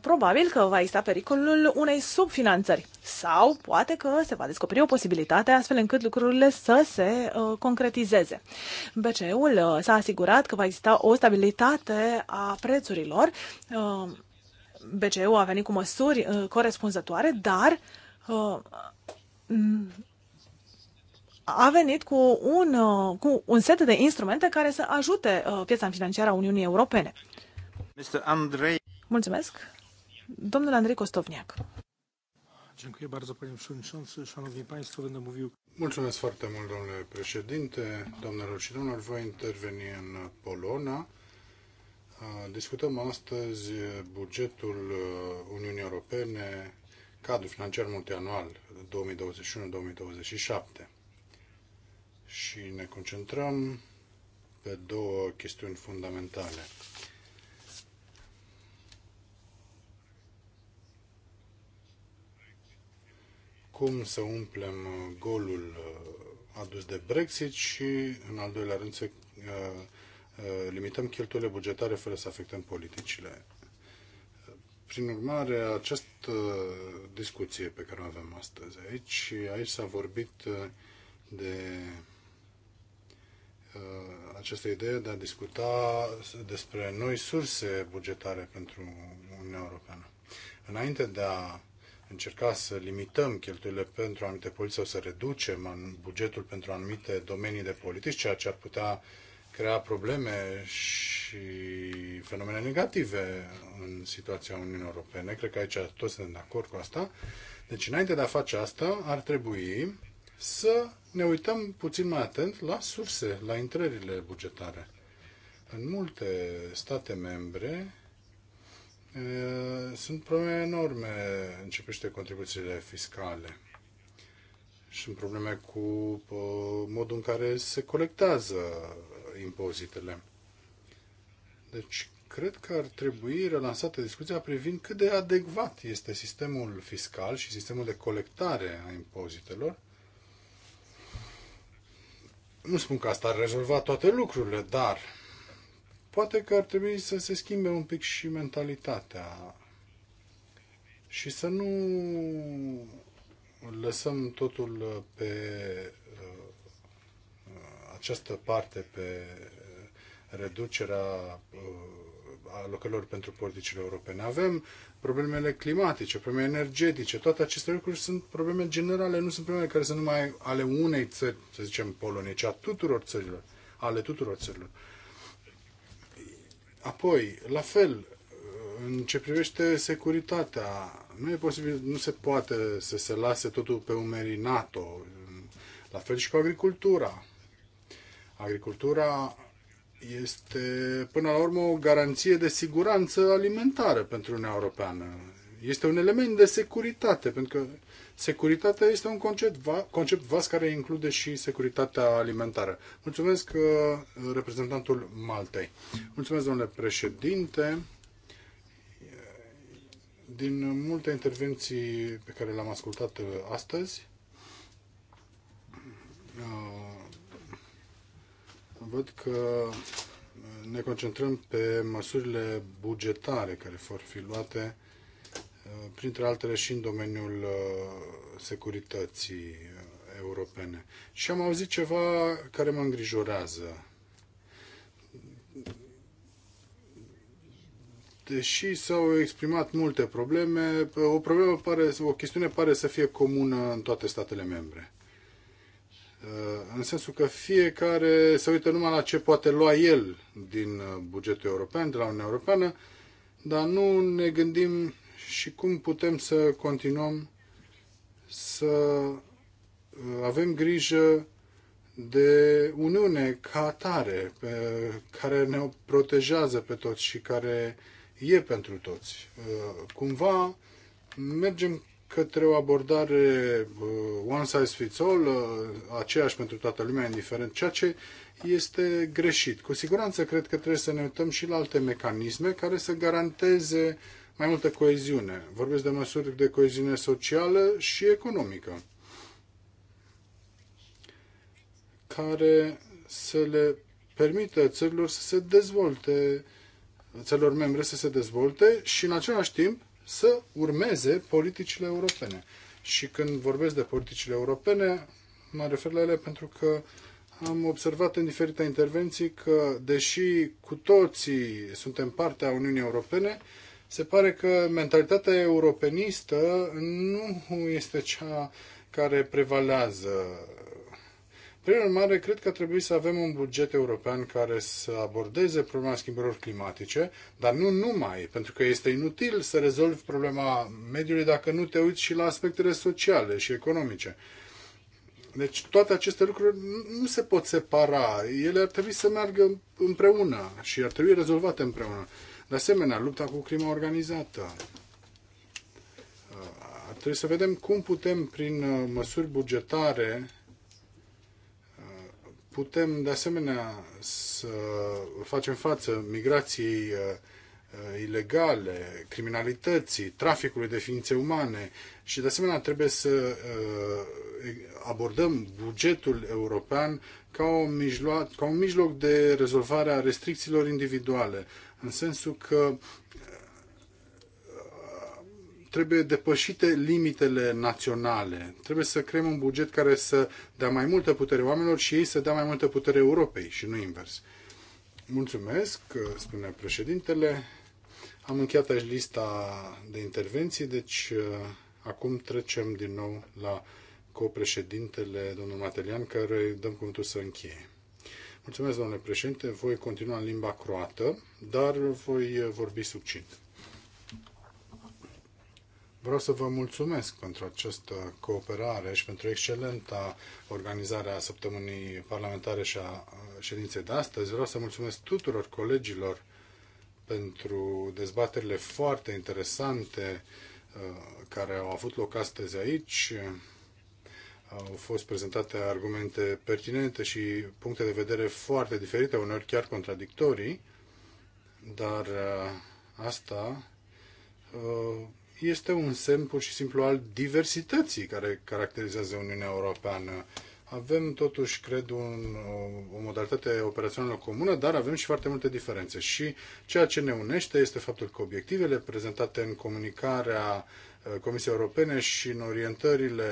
probabil că va exista pericolul unei subfinanțări sau poate că se va descoperi o posibilitate astfel încât lucrurile să se uh, concretizeze. BCE-ul uh, s-a asigurat că va exista o stabilitate a prețurilor. Uh, BCE-ul a venit cu măsuri uh, corespunzătoare, dar uh, a venit cu un, uh, cu un set de instrumente care să ajute uh, piața financiară a Uniunii Europene. Uh, Andrei. Mulțumesc. Domnul Andrei Costovniac. Mulțumesc foarte mult, domnule președinte, doamnelor și domnilor. Voi interveni în Polona. Discutăm astăzi bugetul Uniunii Europene, cadrul financiar multianual 2021-2027. Și ne concentrăm pe două chestiuni fundamentale. cum să umplem uh, golul uh, adus de Brexit și, în al doilea rând, să uh, limităm cheltuielile bugetare fără să afectăm politicile. Prin urmare, această discuție pe care o avem astăzi aici, aici s-a vorbit de această idee de a discuta despre noi surse bugetare pentru Uniunea Europeană. Înainte de a încerca să limităm cheltuielile pentru anumite politici sau să reducem bugetul pentru anumite domenii de politici, ceea ce ar putea crea probleme și fenomene negative în situația Uniunii Europene. Cred că aici toți suntem de acord cu asta. Deci, înainte de a face asta, ar trebui să ne uităm puțin mai atent la surse, la intrările bugetare. În multe state membre, sunt probleme enorme în ce privește contribuțiile fiscale și în probleme cu modul în care se colectează impozitele. Deci, cred că ar trebui relansată discuția privind cât de adecvat este sistemul fiscal și sistemul de colectare a impozitelor. Nu spun că asta ar rezolva toate lucrurile, dar Poate că ar trebui să se schimbe un pic și mentalitatea și să nu lăsăm totul pe uh, această parte, pe reducerea uh, alocărilor pentru politicile europene. Avem problemele climatice, probleme energetice, toate aceste lucruri sunt probleme generale, nu sunt probleme care sunt numai ale unei țări, să zicem Poloniei, ci a tuturor țărilor, ale tuturor țărilor. Apoi, la fel, în ce privește securitatea, nu e posibil, nu se poate să se lase totul pe umerii NATO. La fel și cu agricultura. Agricultura este, până la urmă, o garanție de siguranță alimentară pentru Uniunea Europeană. Este un element de securitate, pentru că Securitatea este un concept, va, concept vast care include și securitatea alimentară. Mulțumesc uh, reprezentantul Maltei. Mulțumesc, domnule președinte. Din multe intervenții pe care le-am ascultat uh, astăzi, uh, văd că ne concentrăm pe măsurile bugetare care vor fi luate Eh, printre altele și în domeniul eh, securității eh, europene. Și am auzit ceva care mă îngrijorează. Deși s-au exprimat multe probleme, o problemă pare, o chestiune pare să fie comună în toate statele membre. În sensul că fiecare se uită numai la ce poate lua el din bugetul european, de la Uniunea Europeană, dar nu ne gândim și cum putem să continuăm să uh, avem grijă de Uniune ca atare, care ne protejează pe toți și care e pentru toți. Uh, cumva mergem către o abordare uh, one size fits all, aceeași pentru toată lumea, indiferent, ceea ce este greșit. Cu siguranță cred că trebuie să ne uităm și la alte mecanisme care să garanteze mai multă coeziune. Vorbesc de măsuri de coeziune socială și economică, care să le permită țărilor să se dezvolte, țărilor membre să se dezvolte și în același timp să urmeze politicile europene. Și când vorbesc de politicile europene, mă refer la ele pentru că am observat în diferite intervenții că, deși cu toții suntem partea Uniunii Europene, se pare că mentalitatea europenistă nu este cea care prevalează. Prin urmare, cred că trebuie să avem un buget european care să abordeze problema schimbărilor climatice, dar nu numai, pentru că este inutil să rezolvi problema mediului dacă nu te uiți și la aspectele sociale și economice. Deci toate aceste lucruri nu se pot separa, ele ar trebui să meargă împreună și ar trebui rezolvate împreună. De asemenea, lupta cu crima organizată. Uh, ar trebui să vedem cum putem, prin uh, măsuri bugetare, uh, putem, de asemenea, să facem față migrației ilegale, criminalității, traficului de ființe umane și de asemenea trebuie să abordăm bugetul european ca un, mijloc, ca un mijloc de rezolvare a restricțiilor individuale în sensul că uh, trebuie depășite limitele naționale. Trebuie să creăm un buget care să dea mai multă putere oamenilor și ei să dea mai multă putere Europei și nu invers. Mulțumesc, uh, spune președintele. Am încheiat aici lista de intervenții, deci uh, acum trecem din nou la copreședintele, domnul Matelian, care dăm cuvântul să încheie. Mulțumesc, domnule președinte. Voi continua în limba croată, dar voi vorbi succint. Vreau să vă mulțumesc pentru această cooperare și pentru excelenta organizare a săptămânii parlamentare și a ședinței de astăzi. Vreau să mulțumesc tuturor colegilor pentru dezbaterile foarte interesante uh, care au avut loc astăzi aici. Au fost prezentate argumente pertinente și puncte de vedere foarte diferite, uneori chiar contradictorii, dar uh, asta uh, este un semn pur și simplu al diversității care caracterizează Uniunea Europeană. Avem totuși, cred, un, o modalitate operațională comună, dar avem și foarte multe diferențe. Și ceea ce ne unește este faptul că obiectivele prezentate în comunicarea Uh, Comisiei Europene și în orientările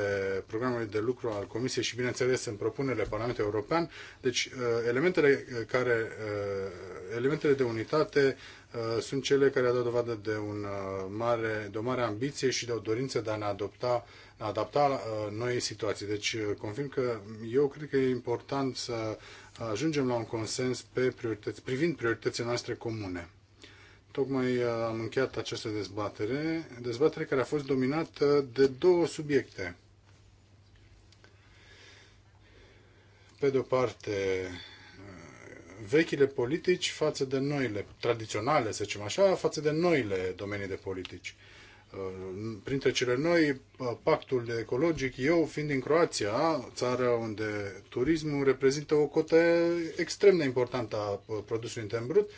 programului de lucru al Comisiei și, bineînțeles, în propunerile Parlamentului European. Deci, uh, elementele, uh, care, elementele de unitate sunt cele care au dat dovadă de, un mare, de o mare ambiție și de o dorință de a ne adopta, a adapta noi situații. Deci, confirm că eu cred că e important să ajungem la un consens pe priorități, privind prioritățile noastre comune. Tocmai uh, am încheiat această dezbatere, dezbatere care a fost dominată de două subiecte. Pe de o parte, uh, vechile politici față de noile, tradiționale, să zicem așa, față de noile domenii de politici. Uh, printre cele noi, pactul ecologic, eu fiind din Croația, țara unde turismul reprezintă o cotă extrem de importantă a produsului intern brut,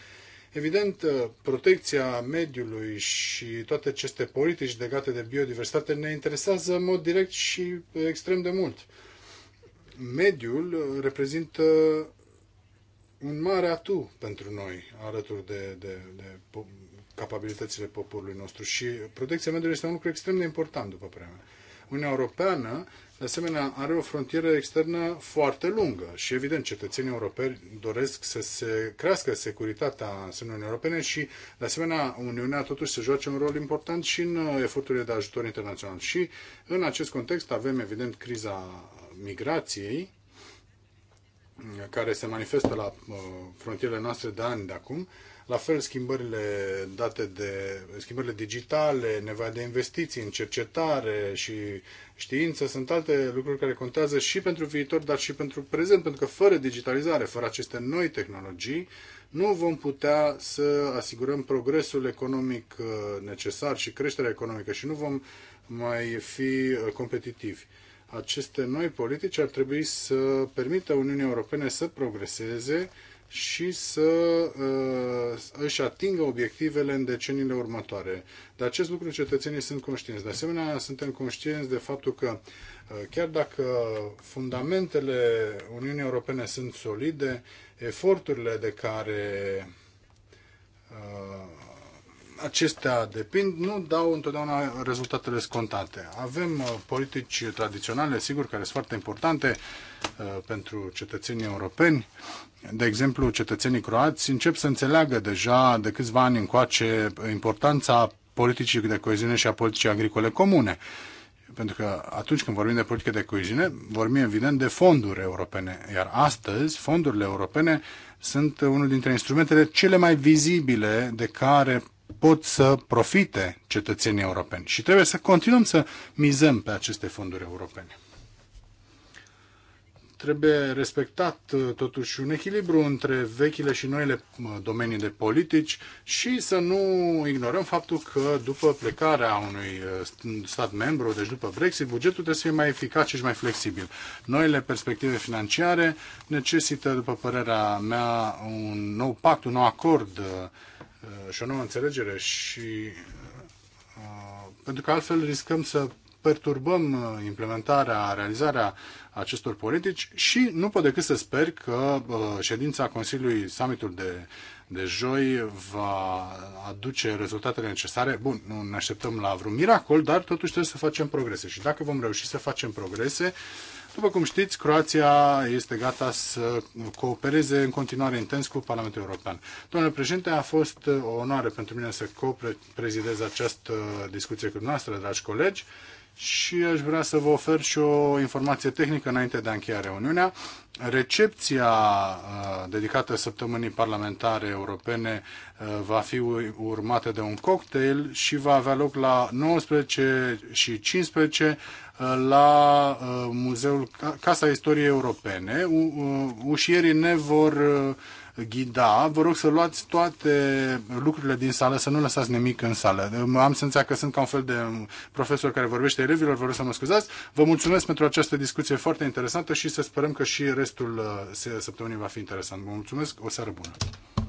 Evident, uh, protecția mediului și toate aceste politici legate de biodiversitate ne interesează în mod direct și extrem de mult. Mediul uh, reprezintă un mare atu pentru noi, alături de, de, de capabilitățile poporului nostru și protecția mediului este un lucru extrem de important, după părerea mea. Uniunea Europeană, de asemenea, are o frontieră externă foarte lungă și, evident, cetățenii europeni doresc să se crească securitatea în Uniunii Europene și, de asemenea, Uniunea totuși se joace un rol important și în uh, eforturile de ajutor internațional. Și, în acest context, avem, evident, criza migrației, uh, care se manifestă la uh, frontierele noastre de ani de acum, la fel, schimbările date de schimbările digitale, nevoia de investiții în cercetare și știință sunt alte lucruri care contează și pentru viitor, dar și pentru prezent, pentru că fără digitalizare, fără aceste noi tehnologii, nu vom putea să asigurăm progresul economic uh, necesar și creșterea economică și nu vom mai fi uh, competitivi. Aceste noi politici ar trebui să permită Uniunii Europene să progreseze și să uh, își atingă obiectivele în deceniile următoare. De acest lucru cetățenii sunt conștienți. De asemenea, suntem conștienți de faptul că uh, chiar dacă fundamentele Uniunii Europene sunt solide, eforturile de care uh, acestea depind, nu dau întotdeauna rezultatele scontate. Avem uh, politici tradiționale, sigur, care sunt foarte importante, Uh, pentru cetățenii europeni. De exemplu, cetățenii croați încep să înțeleagă deja de câțiva ani încoace importanța politicii de coeziune și a politicii agricole comune. Pentru că atunci când vorbim de politică de coeziune, vorbim evident de fonduri europene. Iar astăzi, fondurile europene sunt unul dintre instrumentele cele mai vizibile de care pot să profite cetățenii europeni. Și trebuie să continuăm să mizăm pe aceste fonduri europene trebuie respectat uh, totuși un echilibru între vechile și noile uh, domenii de politici și să nu ignorăm faptul că după plecarea unui uh, stat membru, deci după Brexit, bugetul trebuie să fie mai eficace și mai flexibil. Noile perspective financiare necesită, după părerea mea, un nou pact, un nou acord și o nouă înțelegere și pentru că altfel riscăm să perturbăm implementarea, realizarea acestor politici și nu pot decât să sper că uh, ședința Consiliului Summitul de, de joi va aduce rezultatele necesare. Bun, nu ne așteptăm la vreun miracol, dar totuși trebuie să facem progrese și dacă vom reuși să facem progrese, după cum știți, Croația este gata să coopereze în continuare intens cu Parlamentul European. Domnule președinte, a fost uh, o onoare pentru mine să co-prezidez această discuție cu noastră, dragi colegi, și aș vrea să vă ofer și o informație tehnică înainte de a încheia reuniunea. Recepția uh, dedicată săptămânii parlamentare europene uh, va fi urmată de un cocktail și va avea loc la 19 și 15 uh, la Muzeul Casa Istoriei Europene. Ușierii ne vor ghida. Vă rog să luați toate lucrurile din sală, să nu lăsați nimic în sală. Am senzația că sunt ca un fel de profesor care vorbește elevilor, vă rog să mă scuzați. Vă mulțumesc pentru această discuție foarte interesantă și să sperăm că și restul uh, săptămânii va fi interesant. Vă mulțumesc, o seară bună!